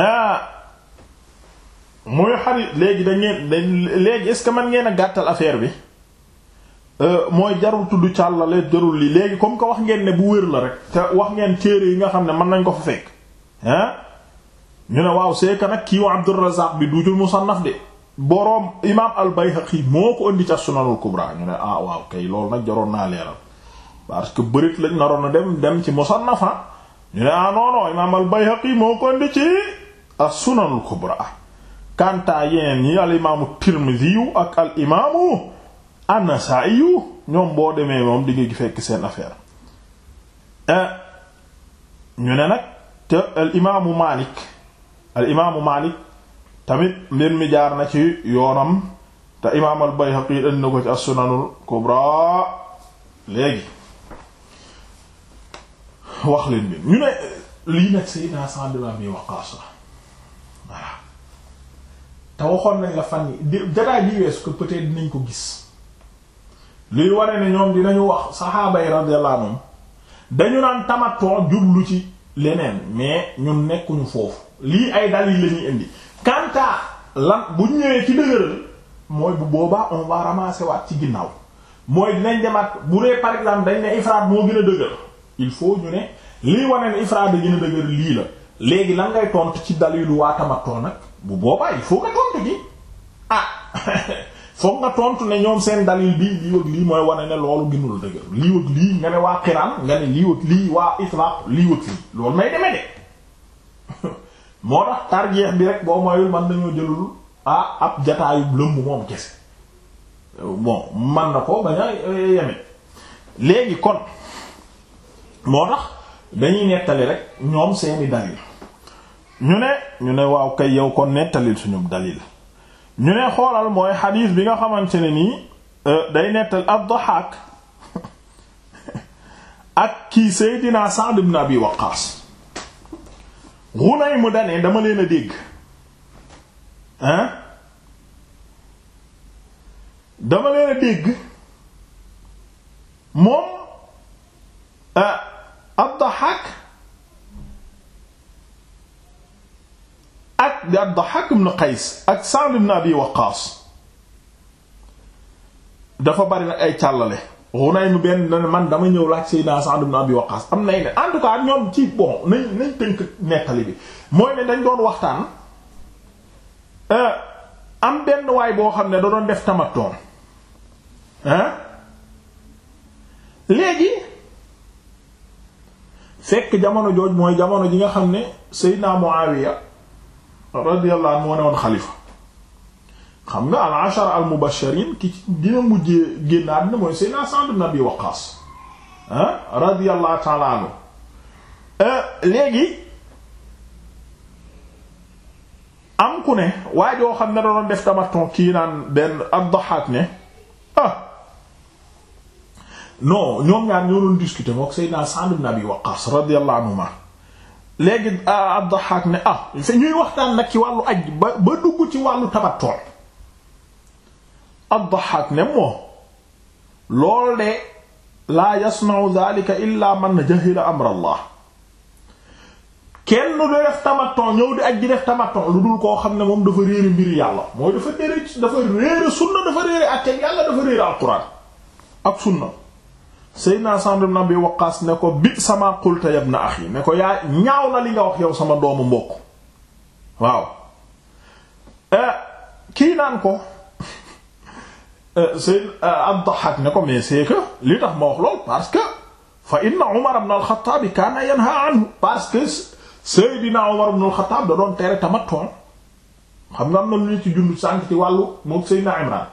eh? muy xarit léegi da léegi est-ce man ngeen a gàttal affaire bi Euh, mooy jarul tudd càllale jarul lii léegi comme que wax ngeen ne bu wér la rek te wax ngeen téere yi nga xam ne mën nañ ko fa fekk ah ñu ne waaw c'est que nag kii wa Abdurrazzaq bi duutul musannaf de boroom imaam al-Bayhaqi moo ko indi ca sunanul kubra ah, naa parce que bërit lañ naroon a dem dem ci musannaf ah. ñu ne ah non non imaam al-Bayhaqi moo ko indi ci as-sunanul kubra kantaa yeneen yi al imaamu ak al An-Nasa'i ñoom boo demee moom di nga fekk seen affaire eh, ñu ne nag te al imaamu Maalik al imaamu Maalik tamit mbir mi jaar na ci yoonam te imaam al Bayhaqi indi ko ci as-Sunanul Kubra wax leen bi ñu te waxoon nañ la fan yi jataay bi weesu ko peut dinañ ko gis luy ware ne ñoom dinañu wax saxaaba yi radiyallahu anhum dañu naan tamattu jublu ci leneen mais ñun nekkuñu foofu lii ay dalil la ñuy indi quant à lan bu ñëwee ci dëgëral mooy bu boobaa on va ramasser waat ci ginnaaw mooy dinañ demaat bu dee par exemple dañ ne ifraad moo gën a dëgër il faut ñu ne lii wane ne ifraad gën a dëgër lii la léegi lan ngay tontu ci dalilu waa tamattu nag bu boobaa il faut nga tontu gi ah foog nga tontu ne ñoom seen dalil bi lii lii mooy wane ne loolu gënul dëgër lii lii nga ne waa xiraan nga ne lii wëg lii waa itlaq lii lii loolu may demee de moo tax tarjeex bi rek boo moyul man ah, ab jataayub lëmb moom na ko baña eh, yeme léegi kon moo tax dañuy nettali rek ñoom seeni dalil ñu ne ñu ne waaw kay yow kon nettalil suñu dalil ñu ne xoolal mooy xadiis bi nga xamante ne nii euh, day nettal ad-Dahhaak ak kii Seydina Sa'd ibn Abi Waqqaas mu dane dama leen a dégg hein dama leen a dégg moom euh, ad-Dahhaak ak di ad-Dahhak ibn Qays ak Sa'd ibn Abi Waqqas dafa bari nag ay càllale Hunaym benn dana man dama ñëw laaj Seydina Sa'd ibn Abi Waqqas am nay ne en tout cas ñoom ci bon nañ nañ tënk nettali bi mooy ne dañ doon waxtaan euh, am benn waay boo xam ne da doon def tamattoon ah léegi fekk jamono jooj mooy jamono ji nga xam ne Seydina Muawiya Ah. radiyallahu anhu moo ne woon xalifa xam nga al ashara al mubashirin ki dina mujjee génn àddina mooy Seydina Sa'd ibn Abi Waqqas ah radiyallahu ta'ala anhu eh, léegi am ku ne waa joo ne doon def tamaton kii naan benn ad-Dahhak ne ah non ñoom ñaar ñoo doon discuter mook Seydina Sa'd ibn Abi Waqqas radiyallahu anhuma léegi ah, Abdahak ne ah ñuy waxtaan nag ci wàllu aj ba ba dugg ci wàllu tabattool Abdahak ne moom lool de laa yasna'u dhalika illa man jahila amra Allah kenn du def tamatton ñëw di aj di def tamatton lu dul koo xam ne moom dafa réere mbir yàlla mooy dafa réere dafa réere sunna dafa réere àtte yàlla dafa réere alquran ak sunna Seydina Sa'd ibn Abi Waqqas ne ko bi sama qulta ya ibn akhi ne ko yaa ñaaw na li nga wax yow sama doomu mbokk waaw eh, kii naan ko eh, Seydina eh, ad-Dahhak ne ko mais c'est li tax ma wax lool que fa inna Umar ibn al-Khattab kana yanha anhu parce que Seydina Umar ibn da doon tere tamattu ah. xam nga am na lu ñu ci jundu sànk ci wàllu moom Seydina Imran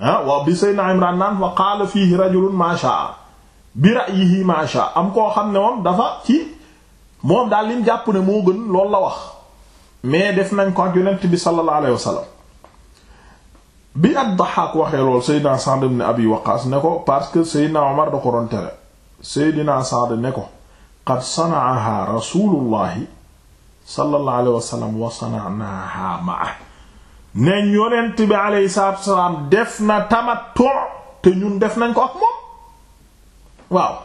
ah. bi Seydina Imran naan wa qaala fihi rajulun ma sha'a bi ra'yihi ma am koo xam ne moom dafa ci moom daal lim jàpp ne moo gën lool la wax mais def nañ ko ak yonent bi sallallahu alayhi wa sallam bi ad-Dahhaak waxee lool Seydina Sa'd ibn Abi ne ko parce que Seydina Omar da ko doon tere Seydina Sa'd ne ko qad sana'ahaa rasuulullahi sallallahu alayhi wa sallam wa sana'naahaa ma'a ne yonent bi alayhi salaatu salaam def na tamattu te ñun def nañ ko ak moom waaw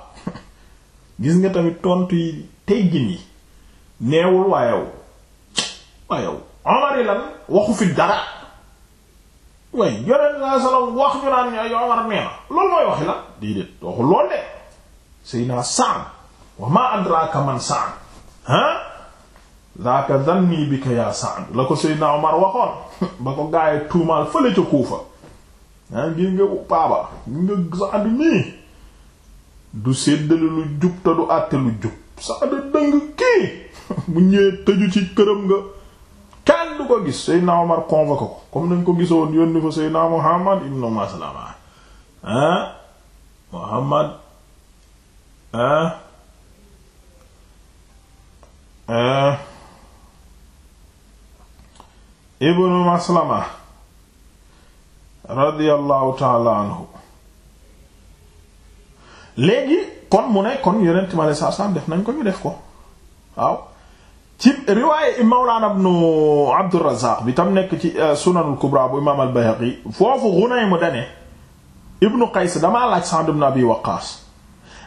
gis nga tamit tontu yi teggin yi neewul waayow waayow Omar yi lan waxu fi dara way yonent naa salaam wax ñu naan ñooy Omar nee na loolu mooy waxi la déedéet waxul lool de Seydina Sa'd wa ma adraka man Sa'd ha zaaka zanni bika yaa Sa'd la ko Seydina Omar waxoon ba ko gaayee tuumaal fële ca Kuufa ah ngir nga baaba ngir nga sa ànd nii du séddale lu jub te du àtte lu jub saada dëng kii bu ñëwee tëju ci këram nga kenn du ko gis Seydina Omar convoqué ko comme nañ ko gisoon yónni fa Seydina Muhammad ibnu Muhammad ibnu Maslama radiyallahu ta'ala anhu léegi kon mu ne kon yonent ma lay sarsam def nañ ko ñu def ko waaw ci riwaaye Mawlana ibn Abdurrazzaq bi tam nekk ci euh, sunanul kubra bu imaam al-Bayhaqi foofu Ghunaym dane ibnu Qays damaa laaj Sa'd ibn Abi Waqqas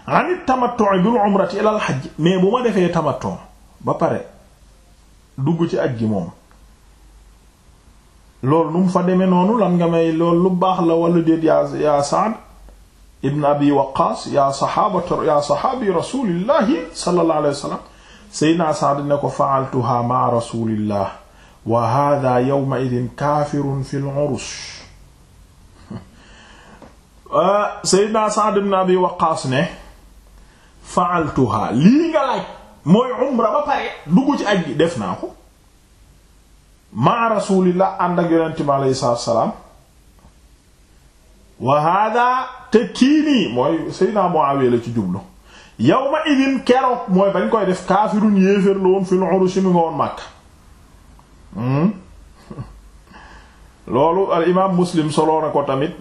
an at-tamattu' bil umrati ila al mais bu ma defee tamattu ba pare dugg ci aj gi moom loolu nu mu fa demee noonu lan nga may loolu lu baax la wala déet yaa yaa ibn abi waqaas yaa saxaabata yaa saxaabi rasulillahi sallallahu alayhi wa sallam sayyidina Sa'd ne ko fa'altuha ma'a rasulillah wa hadha yawma idin kaafirun fil urush ah, sayyidina Sa'd ibn abi waqaas ne fa'altuha lii nga laaj mooy umra ba pare dugg ci aj bi def naa ko ma'a rasulillah ànd ak yonente bi alayhi salaam wa hada te kii nii mooy Seydina ci jublu yawma idin keroog mooy bañ koy def kaafirun yéeféer la woon fil urush mi nga woon màkk hmm? loolu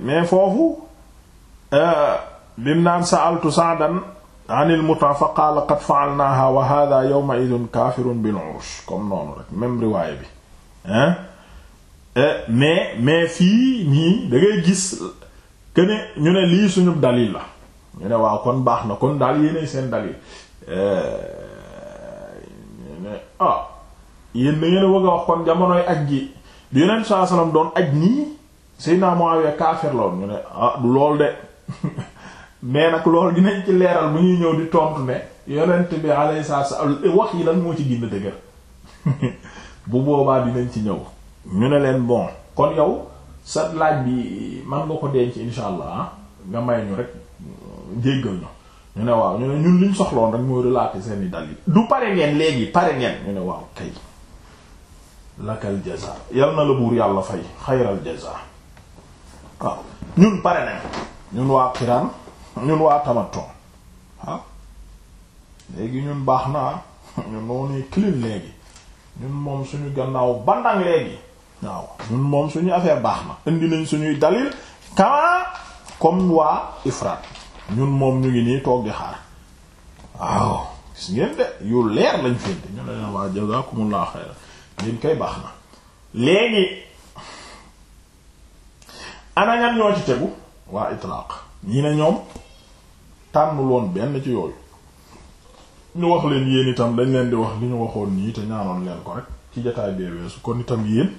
mais foofu bim euh, naan sa'altu Sa'dan anil muta fa qaala qad fa'alnaaha wa hada yawma idin kaafirun bil urush comme noonu rek même riwaay bi këne ñu ne lii suñu dalil la ñu ne waaw kon baax na kon daal yéenay seen dalil euh, ñu ne ah, ngeen bëgg a wax kon jamonoy aj gi bi yonent saa salaam doon aj nii Seydina Muawiya kaafir la woon ñu ne ah du lool de mais nag lool dinañ ci leeral bu ñuy ñëw di tontu ne yonent bi alayhi salaam wax yi lan moo ci gën a dëgër bu boobaa dinañ ci ñëw ñu ne leen bon kon yow. sa laaj bi man nga ko denc insha allah ah, nga may ñu rek jéggal ñu ñu ne waaw ñu ne ñun liñ soxloon rek mooy relater seeni dal yi du pare ngeen léegi pare ngeen ñu ne waaw kay lakal jaza yal na la buur yàlla fay xayral jaza waaw ñun pare nañ ñun waa xiraan ñun waa tamaton léegi ñun baax naa ñun noonu clean léegi ñun moom suñu gannaaw bandang léegi waaw ñun moom suñu affaire baax na indi nañ suñuy dalil comme waa ifraat ñun moom ñu ngi nii toog di xaar waaw gis ngeen de yu leer lañ fi ñu ne waa jazakumullahu xayran ngeen koy baax na léegi ana ñan ñoo ci tegu waa itlaaq ñii ne ñoom tànnul benn ci yooyu ñu wax leen yéen itam dañ leen di wax li ñu waxoon nii te ñaanoon leen ko rek ci jotaay bee weesu kon itam yéen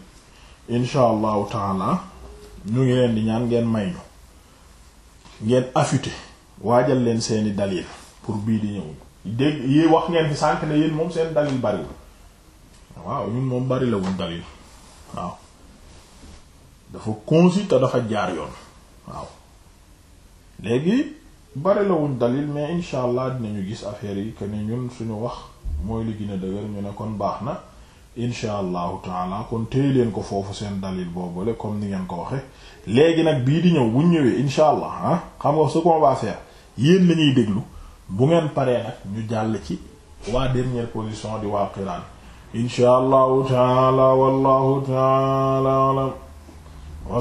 incha allahu taala ñu ngi leen di ñaan ngeen may ñu ngeen affûté waajal leen seeni dalil pour bii di ñëw dégg yi wax ngeen fi sànk ne yéen moom seen dalil bariwul waaw ñun moom bari la wuñ dalil waaw dafa concis te dafa jaar yoon waaw léegi bari la wuñ dalil mais incha allah dinañu gis affaire yi que ñun suñu wax mooy li gën a dëgër ñu ne kon baax na incha allahu taala kon téye leen ko foofu seen dalil boobule comme ni ngeen ko waxe léegi nag bii di ñëw bu ñëwee incha allah ah xam nga su qu'on va yéen la ñuy déglu bu ngeen paree nag ñu jàll ci waa dernière position di waa qiraan incha allahu taala wallahu taala alam wa